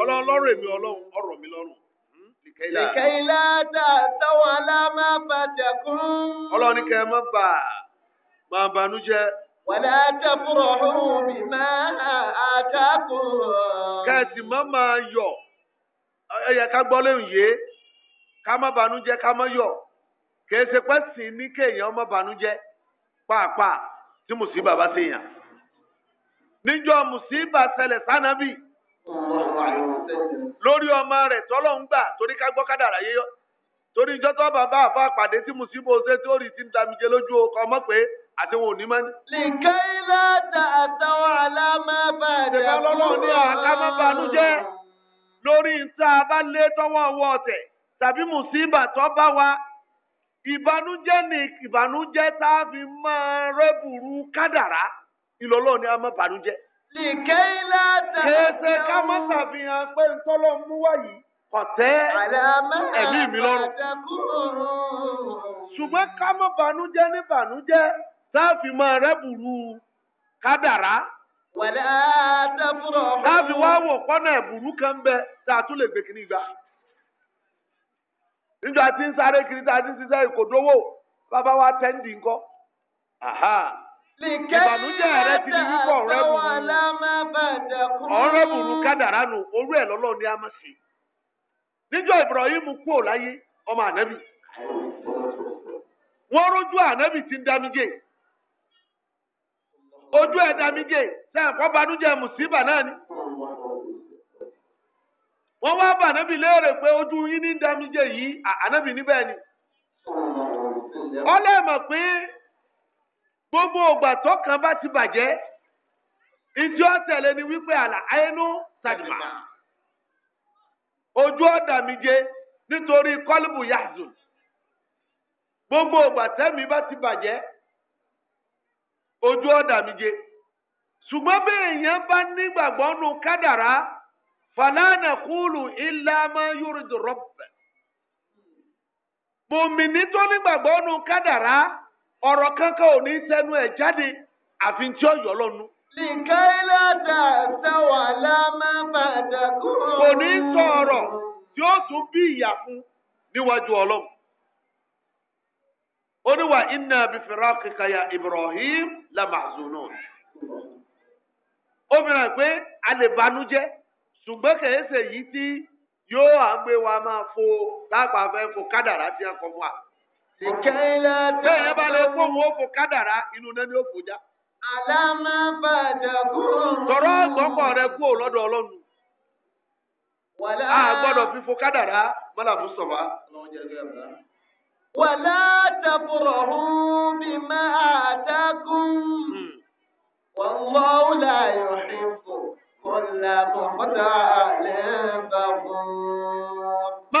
B: tọ́lọ́ ọlọ́rọ̀ èmi ọlọ́run ọ̀rọ̀ mi lọ́rùn. Hmm? Ìkẹ́ilá dà táwọn aláma bàjẹ́ kún. Ọlọ́run kẹ́ ẹ má bà máa banújẹ́. Wàlá tẹ̀fúrọ̀ ọ̀hún mi máa àtàkùn. Kẹ́ẹ̀sì má máa yọ̀. Ẹyẹ ká gbọ́ ka yé. Ká má ká má yọ̀. ní kéèyàn má tí mùsíbà bá lórí ọmọ rẹ̀ tọ́lọ̀ ń gbà torí ká gbọ́ kádàrá yé yọ torí ìjọ tó bàbá àfa àpàdé tí mo sì bó ṣe tí ó rí ti ń damijẹ lójú ọkọ ọmọ pé àti wọn ò ní mọ́ni. lìkẹ́ ilé ta àtàwọn alámọ́bàdàn. ìjọba lọ́lọ́run ní àkámọ́bànújẹ́ lórí nta bá lé ọwọ́ ọ̀tẹ̀ tàbí mùsíbà tó bá wa ìbànújẹ́ ni ìbànújẹ́ tá a fi máa rẹ́bùrú kádàrá ìlọ́lọ́run ní àmọ́bànújẹ́. لكي لا كيسة كما سبيا kọtẹ ẹ̀mí mi ṣùgbọ́n ká má bànújẹ́ ní bànújẹ́ sáàfì máa rẹ́bùrú kádàrá sáàfì wá wò pọ́nà ẹ̀bùrú kan bẹ tá lè gbé kiri gbà níjọ àti ń sáré kiri tá a ti ń ìkòdówó bàbá wa tẹ́ǹdì rẹ Ọrọ ọ̀rọ̀bùrù kádàrá nù orú ẹ̀ lọ́lọ́ ni a máa ṣe níjọ́ Ibrahim kú láyé ọmọ ànábì wọ́n rójú anabi tí ń damigé ojú ẹ̀ damigé sẹ́yìn kọ́ banújẹ́ mùsíbà náà ni wọ́n wá bá anabi léèrè pé ojú yín ní damigé yìí ànábì níbẹ̀ ni ọlẹ́mọ̀ pé gbogbo ògbà tọkàn bá ti bàjẹ́. ọ tẹ̀lé ni wípé àlà àyínú tàdìmà ojú ọ̀dà mi jẹ nítorí kọ́lùbù yàzù gbogbo ògbà mi bá ti bàjẹ ojú ọ̀dà mi jẹ ṣùgbọ́n bí èèyàn bá nígbàgbọ́ nu kádàrá fàlànà kúlù ilà máa yúrù bòmìnì tó Lìkẹ́ ìlàjà ẹ̀sẹ̀wà lámábàdàkú. Kò ní sọ ọ̀rọ̀ tí ó tún bí ìyà níwájú Ó bi Ibrahim la mahzunun. mìíràn pé a lè banújẹ́ ṣùgbọ́n kẹ̀yẹ́sẹ̀ yìí tí yóò à ń gbé wa máa fo lápá fẹ́ fo kádàrá fún wa. bá fóun ó fo kádàrá inú náà ni ó fò Àlámà bàdàkú. rẹ kú lọ́dọ̀ Ọlọ́run. Wàlá. A fífo kádàrá mọ́làbù sọ̀wá. Wàlá tàbùrọ̀ hún bí máa dákún.
A: Wọ́n wá ó láyọ̀ ìfò. Kọ́lá mọ̀mọ́tà lẹ́ẹ̀bà fún.
B: Má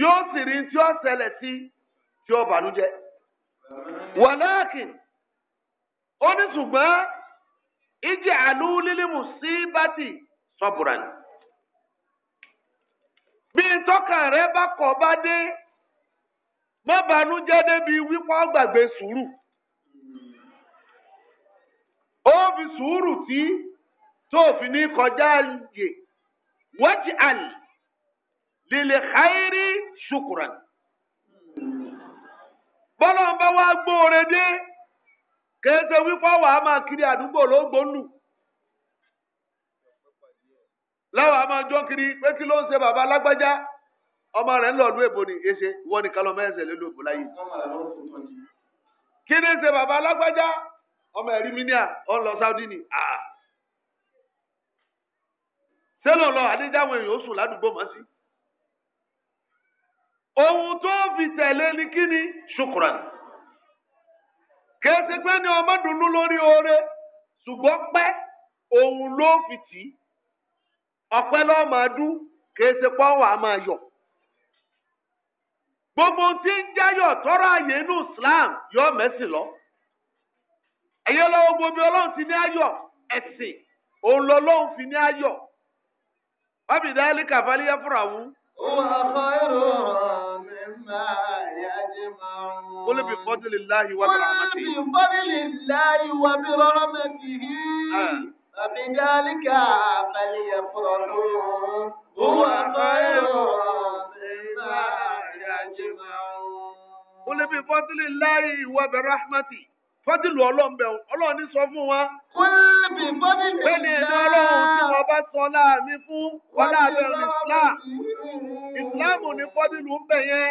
B: yóò sì rí tí ó ṣẹlẹ̀ sí tí ó bànújẹ́ wàláàkì ó ní ṣùgbọ́n ìjẹ́ àlú lílimu sí bátì sọ́bùrà ni bí tọ́ka rẹ bá kọ̀ bá dé má bànújẹ́ débi wípé ó gbàgbé sùúrù ó fi sùúrù tí tó fi ní kọjá yè wọ́n ti àlè. lil khairi shukran bọ́lá ń bá wá gbóore dé kéèké wípé wàá máa kiri àdúgbò lóògbónù láwọn a máa jọ kiri pé kí ló ń ṣe bàbá alágbájá ọmọ rẹ̀ ń lọ ọdún èbó ni èṣe wọ́n ní kálọ̀ mẹ́sẹ̀ lé lóògbó láyé. kí ni ṣe bàbá alágbájá ọmọ ẹ̀rí mílíà ọ̀ ń lọ sáúdí ni sẹ́lọ̀ lọ àdéjáwọn èèyàn ó sùn ládùúgbò mọ́ sí. ohun tó fi tẹ̀lé ni kí ni ṣùkùràn pé ọmọ lórí oore ṣùgbọ́n pẹ́ ohun ló fi tì í ọpẹ́ lọ́ọ́ máa dún kèsì pọ́wọ́ á máa gbogbo tí ń jáyọ̀ tọ́rọ àyè inú yọ lọ lọ́wọ́ gbogbo ọlọ́run ti ní ayọ̀ ẹ̀sìn òun lọ́lọ́run fi ní قل بفضل الله وبرحمته قل بفضل الله وبرحمته
A: فبذلك
B: فليفرحوا هو خير
A: مما يجمعون
B: قل بفضل الله وبرحمته fọ́dìlù ọlọ́run bẹ̀rù ọlọ́run ní sọ fún wa. kúlẹ̀bì fọ́dìlù ìlà. pẹ̀lú ìlú ọlọ́run tí wọ́n bá sọ láàmì fún wọlé abẹ́rẹ́ islam. ìsìláàmù ní fọ́dìlù ń bẹ̀ yẹn.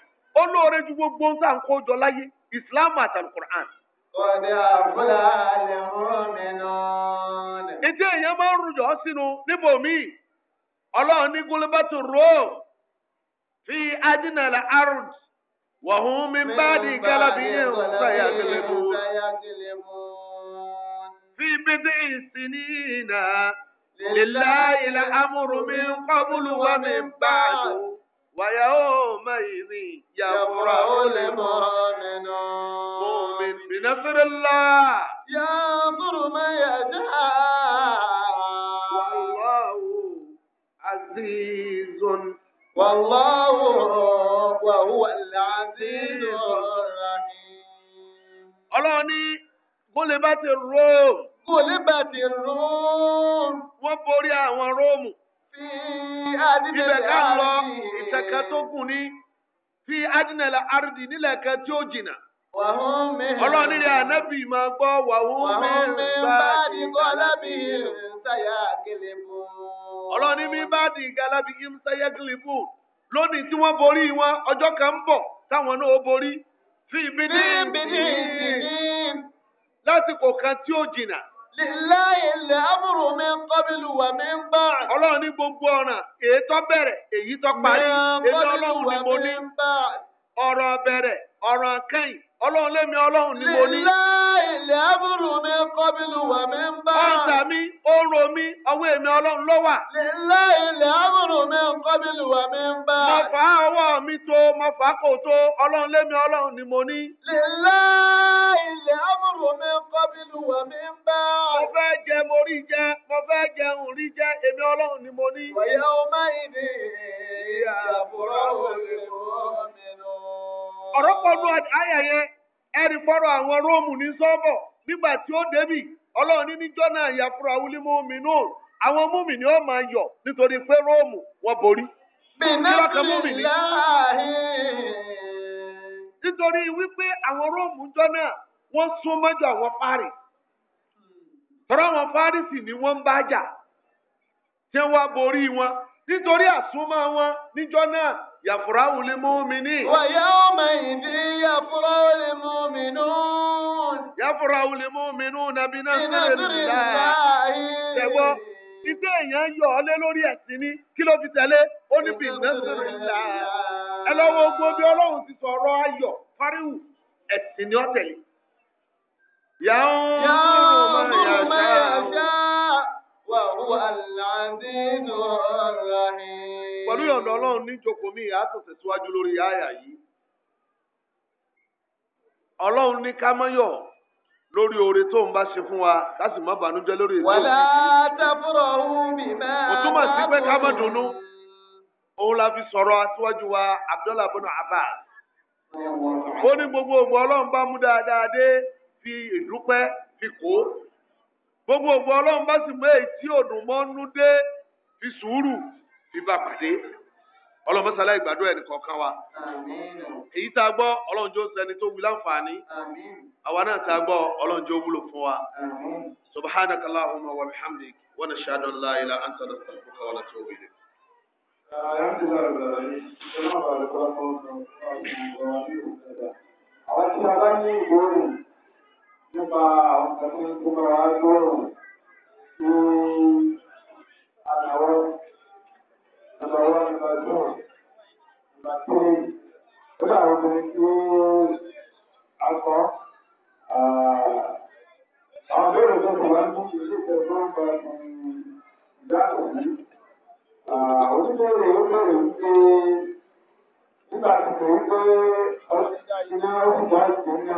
B: ó lóore ju gbogbo ń tàn kó jọ láyé islam àti alukur'an.
A: Kọ̀dé àbúlà lè mú mi
B: náà. Ìdí èèyàn máa ń rújọ sínú níbòmí. Ọlọ́run ní gólébàtò Rome fi Adínàlá Arund wọ̀hún mi bá di gálábì ní ìrùsáyà kìlìmù. Fi bídé ìsìnì náà, lè láyé lámúrú mi kọ́bùlù wá mi bá a lò wàyà ó mẹ ìrìn yàfúrà ó lè mọ nínú. Mùmí bìnẹ́fẹ́rẹ́ la. Yà múrù mẹ́ yà já.
A: Wàláwù
B: azizun. Wàláwù wa huwa al-azizur
A: rahim.
B: Ọlọ́run ní bólè bá ti róòmù. Bólè bá ti róòmù. Wọ́n borí àwọn róòmù. ibẹ̀ ká lọ ìtẹ̀kà tó kùn ní fi adínàlá àrídì nílẹ̀ kan tí ó jìnnà.
A: ọlọ́run nílẹ̀ ànábì
B: máa gbọ́ wàhún mi bá di gọ́lábì ìmùsáyà kìlìmù. ọlọ́run mi bá di gọ́lábì ìmùsáyà kìlìmù lónìí tí wọ́n borí wọn ọjọ́ kan ń bọ̀ táwọn náà borí. fi ìbíní ìbíní ìsìn lásìkò kan tí ó jìnnà. láyé ilẹ̀ amúrò mi ń kọ́bílù wà mí ń bá. ọlọ́run ní gbogbo ọ̀ràn èyí tó bẹ̀rẹ̀ èyí tó parí èyí ọlọ́run ni mo ní ọ̀rọ̀ bẹ̀rẹ̀ ọ̀rọ̀ kẹ́yìn ọlọ́run lémi ọlọ́run ni mo ní. lílá ilẹ̀ abúrú mi kọ́bílù wà mí ń bá. ọ̀sà mi oró mi ọwọ́ èmi ọlọ́run ló wà. lílá ilẹ̀ abúrú mi kọ́bílù wà mí ń bá. mo fà á ọwọ́ mi tó mo fà á kò tó ọlọ́run lémi ọlọ́run ni mo ní. lílá ilẹ̀ abúrú mi kọ́bílù wà mí ń bá. mo fẹ́ jẹ mo rí jẹ mo fẹ́ jẹ rí jẹ èmi ọlọ́run ni mo ní. wàyà ọmọ ìdí ìyàbùrọ̀ wọlé wọ́n mi nù. ọ̀rọ̀ pọ̀lú ayẹyẹ ẹ̀rí pọ̀rọ̀ àwọn róòmù ní sọ́ọ̀bọ̀ nígbà tí ó débì ọlọ́run ní níjọ́ náà yà fúra wúlí mọ́mí awọn àwọn ni ó máa yọ̀ nítorí pé róòmù wọn borí. nítorí wípé àwọn róòmù jọ wọ́n sún mọ́jọ àwọn tọ́rọ àwọn sì ni wọ́n ń bá jà tí wọ́n borí wọn. nítorí àsúnmọ́ wọn níjọ́ náà yàfúrá wulẹ̀ mú wàyà ọmọ ìdí yàfúrá wulẹ̀ mú mi nù. yàfúrá nàbí náà sílẹ̀ nígbà. ṣẹ̀gbọ́ ìdí èèyàn yọ ọ lé lórí ẹ̀sìn ni kí ló fi tẹ̀lé ó ní bí nàṣẹ̀rìndà. ẹ lọ́wọ́ ogun bí ọlọ́run ti sọ̀rọ̀ ayọ̀ Pẹ̀lú ìyọ̀ǹda Ọlọ́run ní ìjókòó mi ìyá tó tẹ̀síwájú lórí àyà yìí. Ọlọ́run ní ká má yọ̀ lórí oore tó ń bá ṣe fún wa ká sì má bànújẹ́ lórí èdè òsì. Wàlá tábúrò mi máa. Kò túmọ̀ sí pé ká má dunnú. Òun la fi sọ̀rọ̀ aṣíwájú wa Abdullah bin Abbas. Ó ní gbogbo ògbó Ọlọ́run bá mú dáadáa dé fi ìdúpẹ́ fi kó. gbogbo ògbó ọlọ́run bá sì mú ètí òdùn mọ́nú dé fi sùúrù fi pàdé ọlọ́run bá ìgbàdo ẹnì kọ̀ọ̀kan wa èyí tá a gbọ́ ọlọ́run jó sẹni tó wí láǹfààní àwa náà tá a gbọ́ ọlọ́run jó wúlò fún wa àwọn
A: tí a bá ní ìgbóhùn. nípa àwọn kan ní gbogbo wa lọ́rùn ní àtàwọ́ àtàwọ́ nípa jọ́ọ̀ nípa tó àwọn obìnrin tí ó akọ àwọn béèrè tó kù wá ní ilé ìfẹ́ tó ń gba ìdáàbò yìí oníbèrè ó bèrè wípé nígbà tó pé wípé ọdún ìdájọ́ náà ó sì dá ìgbóná.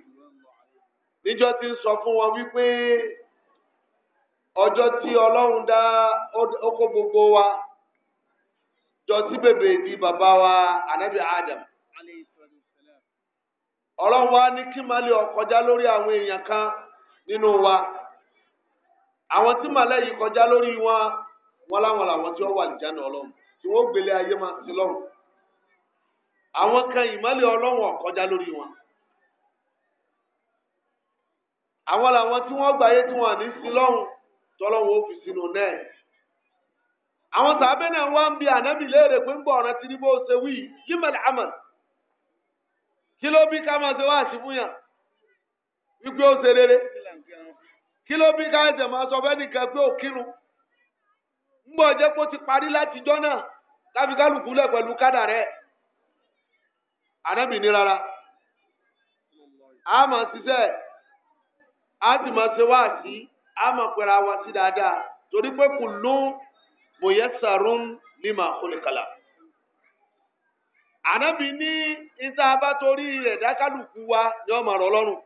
B: níjọ́ tí ń sọ fún wọn wípé ọjọ́ tí ọlọ́run dá oko gbogbo wa jọ sí bèbè di bàbá wa anabi adam ọlọ́run wa ní kí màlẹ́ ọkọjá lórí àwọn èèyàn kan nínú wa àwọn tí màlẹ́ yìí kọjá lórí wọn wọn láwọn làwọn tí wọ́n wà lìjánà ọlọ́run tí wọ́n gbélé ayé máa ti lọ́run àwọn kan ìmọ̀lẹ̀ ọlọ́run ọ̀kọjá lórí wọn àwọn làwọn tí wọ́n gbàyé tí wọ́n ní sí lọ́hùn tọ́lọ́hùn ó fi sínú náà àwọn sàbẹ̀ náà wá ń bi ànábì léèrè pé ń bọ̀ ọ̀ràn tí níbo ṣe wí gímẹ̀lì àmọ̀ kí ló bí ká máa ṣe wá àṣì fún yàn wípé ó ṣe rere kí ló bí ká ẹsẹ̀ máa sọ fẹ́ nìkan pé ò kírun ń bọ̀ jẹ́ kó ti parí látijọ́ náà káfí kálukú lẹ̀ pẹ̀lú kádà rẹ̀ ànábì ní rárá àmọ̀ ṣiṣẹ́ a sì máa ṣe a dáadáa torí pé kò ló lima kólíkàlà. ànábì ní ìta bá torí rẹ̀ dákàlùkù wa ni ọmọ rọ̀ lọ́rùn.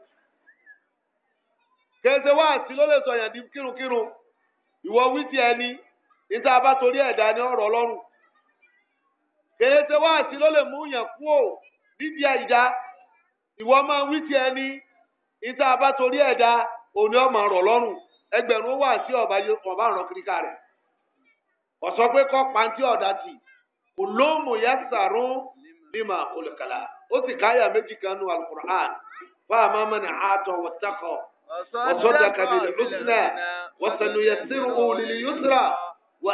B: kèsè wáàsí ló lè sọyàn di kírunkírun ìwọ wí ti ẹni ìta bá torí ẹ̀dá ni ọ̀rọ̀ lọ́rùn. kèsè wáàsí ló lè mú yàn kú ò nídìí ìwọ máa níta bá torí ẹ̀dá òní ọmọ rọ̀ lọ́rùn ẹgbẹ̀rún wà sí ọba ọ̀ràn kíríkà rẹ̀ ọ̀sọ́ pé kọ́ pàǹtí ọ̀dà tì kò lóòmù yá sàrún mímà olùkàlà ó sì káyà méjì kan nu alukur'an fáàmà mẹ́ni àtọ̀ wọ́tàkọ̀ ọ̀sọ́ dàkàdé lùsùnà wọ́sànù yẹsìrù òlìlì yusra wà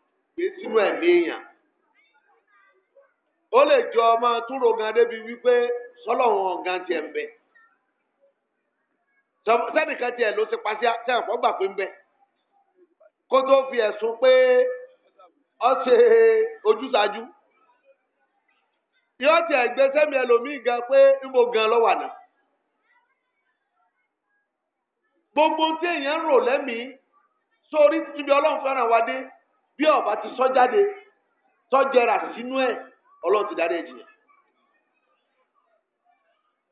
B: yéésì nù ẹ̀mí èèyàn ó lè jọ ọmọ túrò gan débi wípé sọlọ́run ọ̀gá tiẹ̀ ń bẹ sẹ́nìkan tiẹ̀ ló ti pàṣẹ sẹ́ǹfọ́ gbà pé ń bẹ kó fi ẹ̀sùn pé ó ṣe ojúṣàájú yóò ti gbé ẹlòmíì gan pé gbogbo tí èèyàn ń rò lẹ́mìí sórí títí bí bí ọba ti sọ jáde tọjẹra sínú ẹ Ọlọ́run ti dárí ẹjìyàn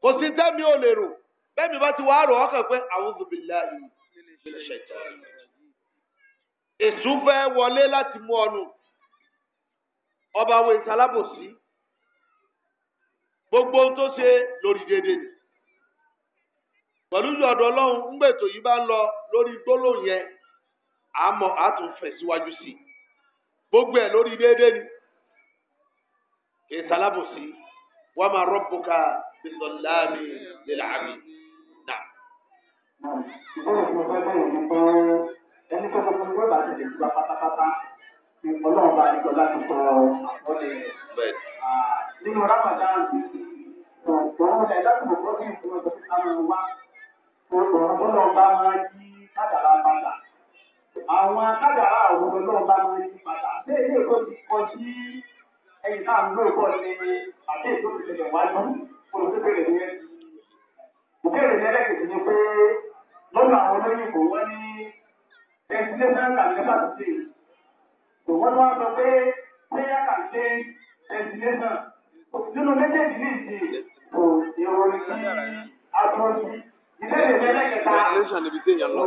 B: kò sí tẹmí ò lè rò bẹẹmi bá ti wàá rò ọkàn pé a'udhu billahi
A: minash shaitani
B: èṣù fẹ́ wọlé láti mú ọnu ọba àwọn ìsalábòsí gbogbo ohun tó ṣe lórí déédéé ni pẹ̀lú ìyọ̀dọ̀ Ọlọ́run ńgbètò yìí bá ń lọ lórí gbólóhùn yẹn àmọ́ àtúnfẹ̀ sí i gbogbo ẹ̀ lórí déédéé ni ìsàlábùsí wà máa rọ́bùkà bisọ̀láàmì lẹ́làmì náà.
A: ìbéèrè tí mo fẹ́ bẹ̀rẹ̀ ni pé ẹni tó sọ fún bọ́ọ̀lù àti ìdèkúwa pátápátá ni ọlọ́run bá nígbà láti sọ àkọọ́lẹ̀ rẹ̀. nínú ramadan ọ̀gbọ́n ẹ̀dá tó mọ̀ bọ́ọ̀lù ìfowópamọ́ wa ọlọ́run bá máa yí kádàrá padà àwọn akájàrá àwùjọ náà bá ní padà bí èyí èkó ti kọ sí ẹ̀yìn náà ń lóòkọ ní àti èkó ti tẹlẹ wájú olùdókèrè ní ẹsì ìbéèrè ní ẹlẹ́kẹ̀ẹ́ ni pé lọ́nà àwọn olóyìnbó wọ́n ní ventilation and capacity kò wọ́n wá sọ pé prayer can change ventilation nínú méjèèjì ní ìdí kò ìròyìn àtúnṣe ìbéèrè ní ẹlẹ́kẹ̀ẹ́ta.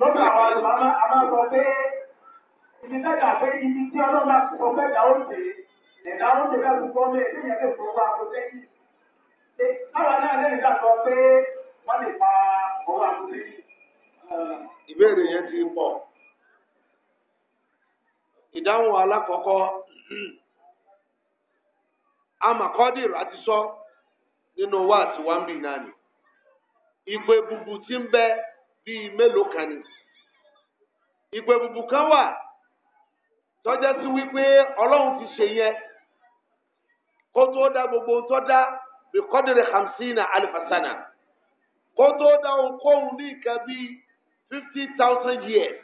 A: lọ́dọ̀ àwọn a máa sọ ibi tí ọlọ́mọ àkùkọ mẹ́ta dé ẹ̀dá ó dé bẹ́ẹ̀ mẹ́ ẹ̀dá fún wa kó
B: káwa náà sọ pé wọ́n lè pa ìbéèrè yẹn ti pọ̀ ìdáhùn alákọ̀ọ́kọ́ amakọ́dìrì àti sọ nínú náà ni ìgbé bubu ti ń bẹ́ẹ́. bíi mélòó kan ni ìpè bùbù kan wà tọ́jà sí wípé ọlọ́run ti ṣe yẹn kó tó dá gbogbo tó dá bí kọ́dìrì hamsina alifasana kó tó dá ohunkóhun ní nǹkan bíi fifty thousand years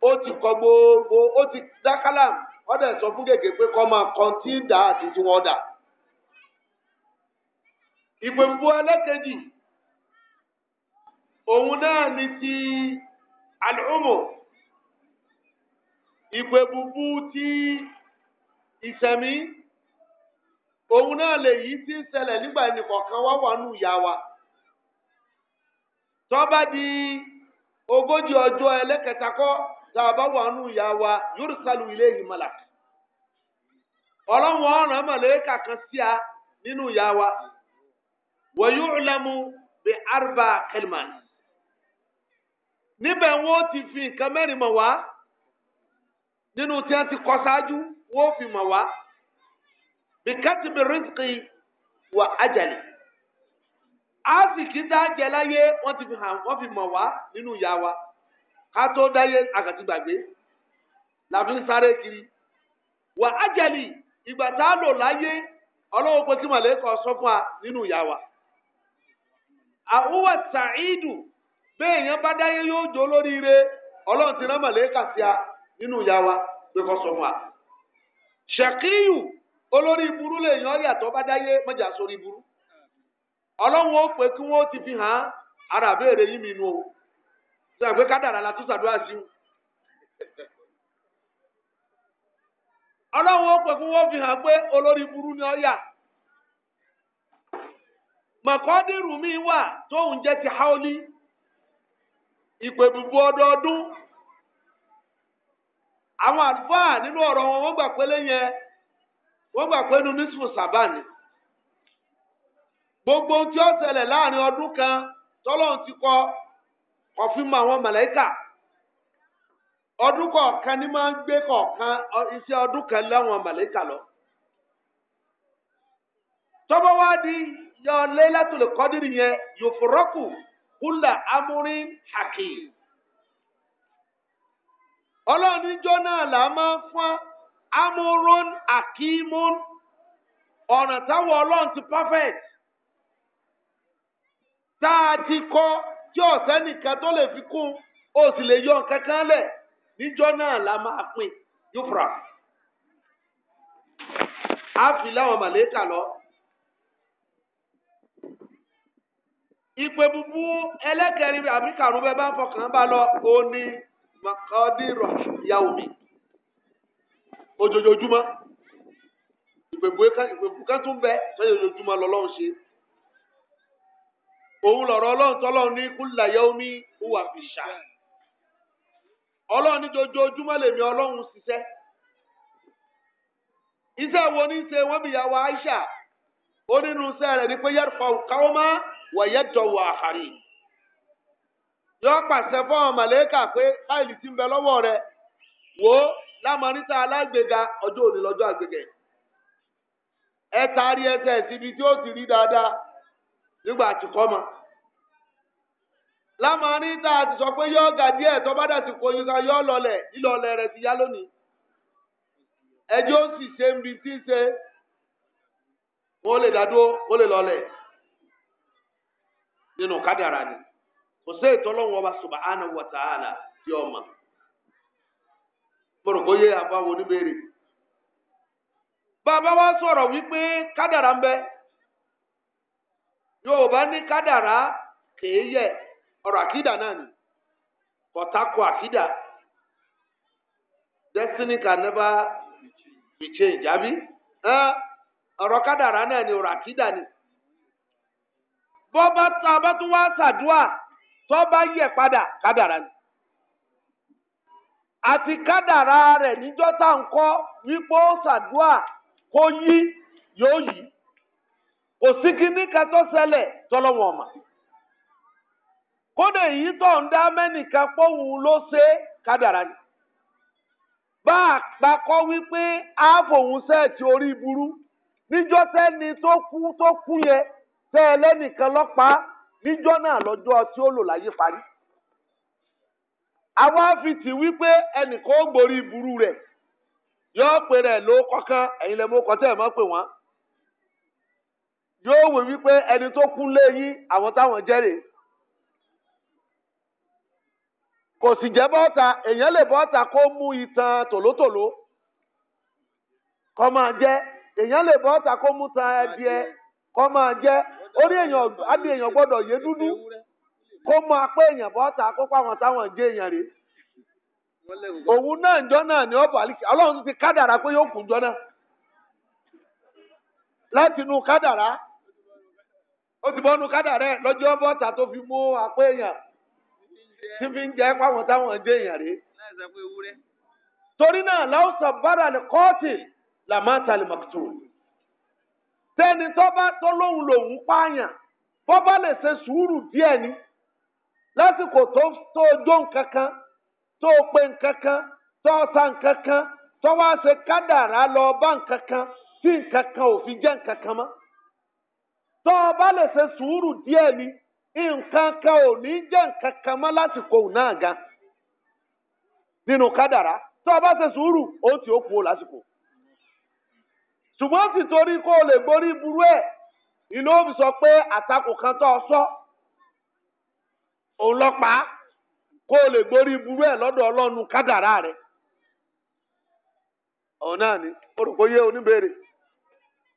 B: ó ti kọ gbogbo ó ti dá kálám ọ̀dà sọ fún gègé pé kọ́ máa kọ́ńtì dá àti tí wọ́n dà ìpè bùbù ẹlẹ́kẹ̀jì. òun náà ti àlùmù ìpè ti ìsẹ̀mí òun náà lè yí tí ń ṣẹlẹ̀ nígbà ẹnìkọ̀ọ̀kan wá wà nù wa bá di ogójì ọjọ́ ẹlẹ́kẹta tá a bá wà nù ìyá wa ọlọ́run ọ̀ràn sí níbẹ̀ wọ́n ti fi nǹkan mẹ́rin mọ̀ wá nínú tí wọ́n ti kọ́ ṣáájú wọ́n fi mọ̀ wá bìkẹ́tì mi rìsíkì wà ájàlè ti fi hàn wọ́n fi mọ̀ wá nínú ìyá wa ká tó dáyé àgàtìgbàgbé làbí kiri wà ájàlè ìgbà tá a lò láyé ọlọ́wọ́ pé kí màlẹ́kọ̀ sọ fún nínú ìyá wa béèyàn bá dáyé yóò jó olori ire ọlọ́run ti rán mọ̀lẹ́kà nínú ìyá wa pé kó ṣèkíyù olórí burú lèèyàn yàtọ̀ bá dáyé mọ̀jà sórí burú ọlọ́run ó pè kí wọ́n ti fi o sọ pé kádàrà la tún ṣàdúrà sí i. ọlọ́run ó pè kí wọ́n fi hàn pé olórí burú ni ọ yà mọ̀kọ́dírù mi wà ti ìpè bùbù ọdọọdún àwọn àlùfáà nínú ọ̀rọ̀ wọn wọ́n gbà pé lẹ́yìn wọ́n gbà gbogbo tí ó ṣẹlẹ̀ láàrin ọdún kan tọ́lọ́run ti kọ ọ̀fin mọ àwọn màláíkà ọdún kọ̀ọ̀kan ni máa ń gbé ọdún kan láwọn màláíkà lọ tọ́bọ̀ yọ lẹ́lẹ́tò lè kọ́ yẹn kúlà amúrin hakim ọlọ́run níjọ́ náà là máa fún amúrún hakimun ọ̀nà táwọn ọlọ́run ti perfect tá a ti kọ́ tí ọ̀sẹ́ nìkan tó lè fi kún o sì lè yọ nǹkan kan lẹ̀ níjọ́ náà la máa pín yóò fura. a fi láwọn màlẹ́kà lọ. ìpè bubú ẹlẹ́kẹ̀rin àbí kàrún bẹ́ẹ̀ bá ń fọkàn bá lọ ó ní makadiru ìyàwó mi ojoojúmọ́ ìpè bubú kan tún bẹ sọ́yìn ojoojúmọ́ lọ́lọ́run ṣe òun lọ̀rọ̀ ọlọ́run tọ́lọ́run ní kulla yaumi huwa fi ṣá ọlọ́run ní jojoojúmọ́ lèmi ọlọ́run ṣiṣẹ́ iṣẹ́ wo ní ṣe wọ́n bìyàwó Aisha ó nínú iṣẹ́ rẹ̀ ní pé yẹ́rù fa òkàwọ́ máa. wọ̀yẹ́dọ̀wọ̀ àhàrí yọ pàṣẹ fọ́ọ̀mù màlẹ́kà pé fáìlì ti ń bẹ lọ́wọ́ rẹ̀ wò ó lámọ̀ríta alágbèga ọjọ́ òní lọ́jọ́ àgbègẹ̀ ẹ taari ẹsẹ̀ síbi tí ó ti rí dáadáa nígbà tí kọ́ ma ti sọ pé yọ ọ̀gá díẹ̀ tó bá dàtí kó yíká yọ ọ̀lọ́lẹ̀ ìlọ̀lẹ̀ rẹ ti yá lónìí ẹjọ́ sì ṣe ń bi tí ń ṣe lè lè nínú kádàrá ni kò sí ètò ọlọ́run ọba subhanahu wa ta'ala tí ọmọ mo rò bóyá àbáwọn oníbèrè bàbá wa sọ̀rọ̀ wípé kádàrá ń bẹ Yorùbá ní kádàrá kèé yẹ ọ̀rọ̀ àkídà náà ni kọ̀tàkọ̀ àkídà destiny can never be changed àbí ọ̀rọ̀ kádàrá náà ni ọ̀rọ̀ àkídà ni bọ́bá tá a bá tún wá ṣàdúà tó bá yẹ padà kádàrá ni àti kádàrá rẹ̀ níjọ́ tá à ń kọ́ wípé ó ṣàdúà kó yí yóò yí kò sí kíní kan tó ṣẹlẹ̀ tọ́lọ́wọ́n ọ̀mà kódà èyí tó ń dá mẹ́nìkan pọ́hùn ló ṣe kádàrá ni bá a gbàkọ́ wípé ààbò òun sẹ́ẹ̀tì orí burú níjọ́ sẹ́ni tó kú tó kú yẹn tẹ́ ẹ lẹ́nìkan lọ́pàá níjọ́ náà lọ́jọ́ tí ó lò láyé parí. àwa fi tì wípé ẹnìkan ó gborí burú rẹ̀ yóò pè rẹ̀ ló kọ́kán ẹ̀yin lẹ́mú kọ́tẹ́ ẹ̀ mọ́ pè wọ́n. yóò wí wípé ẹni tó lé yín àwọn táwọn jẹ́rè. kò sì jẹ́ bọ́ọ̀ta èèyàn lè bọ́ọ̀ta kó mú itan tòlótòló kọ́ máa jẹ́ èèyàn lè bọ́ọ̀ta kó mú tan ẹbí ẹ kọ́ máa jẹ́ orí èèyàn adé èèyàn gbọ́dọ̀ yé dúdú kó mọ apá èèyàn bọ kó pa wọn táwọn gé èèyàn rè òun náà ń jọ náà ni ọba àlìkí ọlọ́run ti kádàrá pé yóò kùn jọ náà láti inú kádàrá ti tó fi mú apá èèyàn tí fi ń pàwọn táwọn gé èèyàn rè torí sẹ́ni tó bá tó lóhùn lòún pààyàn bó bá lè ṣe sùúrù díẹ̀ ni lásìkò tó tó jó nǹkan kan tó pe nǹkan kan tó ta nǹkan kan tó wá ṣe kádàrá lọ bá nǹkan kan tí nǹkan kan ò fi jẹ́ nǹkan kan mọ́ tó bá lè ṣe sùúrù díẹ̀ ni nǹkan kan ò ní jẹ́ nǹkan kan mọ́ lásìkò náà gan nínú kádàrá tó bá ṣe sùúrù ó ti ó kú lásìkò ṣùgbọ́n sì torí kó o lè borí burú ẹ̀ ìlú òbí sọ pé àtakò kan tó sọ òun lọ́pàá kó o lè borí burú ẹ̀ lọ́dọ̀ ọlọ́run kádàrá rẹ̀ òun náà ni orúkọ yé oníbèrè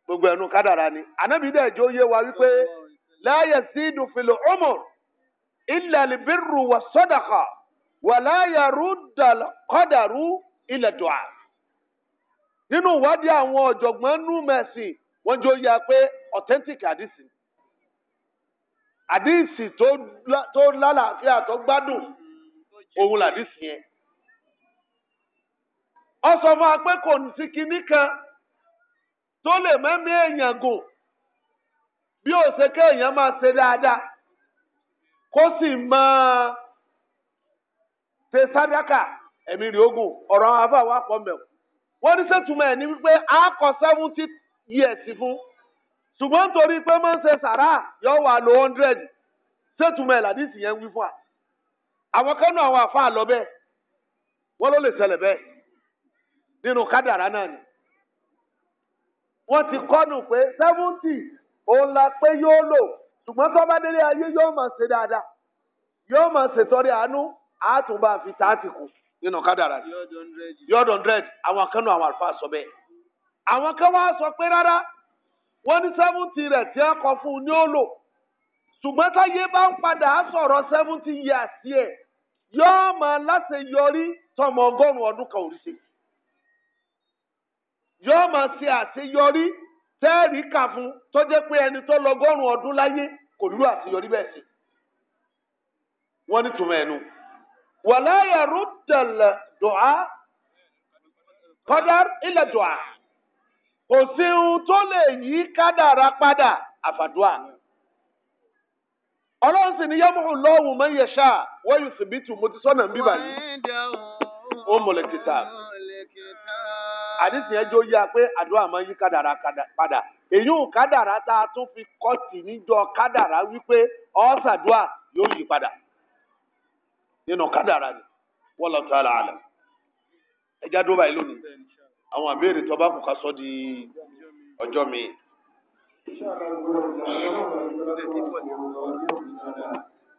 B: gbogbo ẹnu kádàrá ni ànábì dẹ̀ jẹ́ oyé wa wípé láyé sídùn fìlò ọmọ ilẹ̀ àlìbírù wà sọ́dàkà wà láyé rúdàlọ́kọ́dàrú ilẹ̀ dùn nínú ìwádìí àwọn ọ̀jọ̀gbọ́n nú mẹ́sìn wọ́n jọ yà pé authentic àdìsí àdìsí tó lálàáfíà tó gbádùn òun làdìsí yẹn. ọ sọ fún wa pé kò sí kinní kan tó lè mẹ́mí èèyàn gùn bí ó ṣe kéèyàn máa ṣe dáadáa kó sì máa ṣe ẹ̀mí wọ́n ní sẹ́tùmọ̀ ẹ̀ ní wípé a kọ seventy years fún ṣùgbọ́n torí pé máa ń ṣe sàrà yóò wà lọ hundred sẹ́tùmọ̀ ẹ̀ làdísì yẹn wí fún wa àwọn kan náà àwọn àfáà lọ bẹ́ẹ̀ wọ́n ló lè ṣẹlẹ̀ bẹ́ẹ̀ nínú kádàrá náà ni wọ́n ti kọ́nù pé seventy òun la pé yóò lò ṣùgbọ́n tó bá délé ayé yóò máa ṣe dáadáa yóò máa ṣètọ́rí àánú àátùnbà fi tààtì kù nínú kádàrà rẹ̀ yọ̀ọ̀dù hundred àwọn kan nù àwọn àlùfáà sọ bẹ́ẹ̀ àwọn kan wá sọ pé rárá wọ́n ní seventy rẹ̀ tí wọ́n kọ fún un ní ó lò ṣùgbọ́n táyé bá ń padà á sọ̀rọ̀ seventy years yẹ yọ́ọ́ máa láṣẹ yọrí tọmọ ọgọ́rùn-ún ọdún kan òrìṣẹ́ yọ́ọ́ máa ṣe àṣeyọrí tẹ́ẹ̀rí kà fún tó jẹ́ pé ẹni tó lọ́gọ́rùn-ún ọdún láyé kò lù àṣeyọrí bẹ́ẹ̀ sí wọ́n ní tùmọ̀ ẹnu. ولا يرد الدعاء قدر إلا الدعاء kò sí ohun tó lè yí kádàrá padà àfàdúà ọlọ́run ni yẹ́mú lọ́wọ́ man yasha wa yuthbitu mo ti sọ́nà ń bíbà yìí ó mọ̀lẹ̀ kìtà àdìsí yá pé àdúrà máa ń yí padà èyí ò tá a tún fi kọ́ọ̀tì níjọ wípé ọ́ sàdúà yóò yí padà. nínú kádàrà ni wallahu ala alam ẹjá dúró báyìí lónìí àwọn àbẹ́rẹ́ tó bá ká sọ di ọjọ́ mi.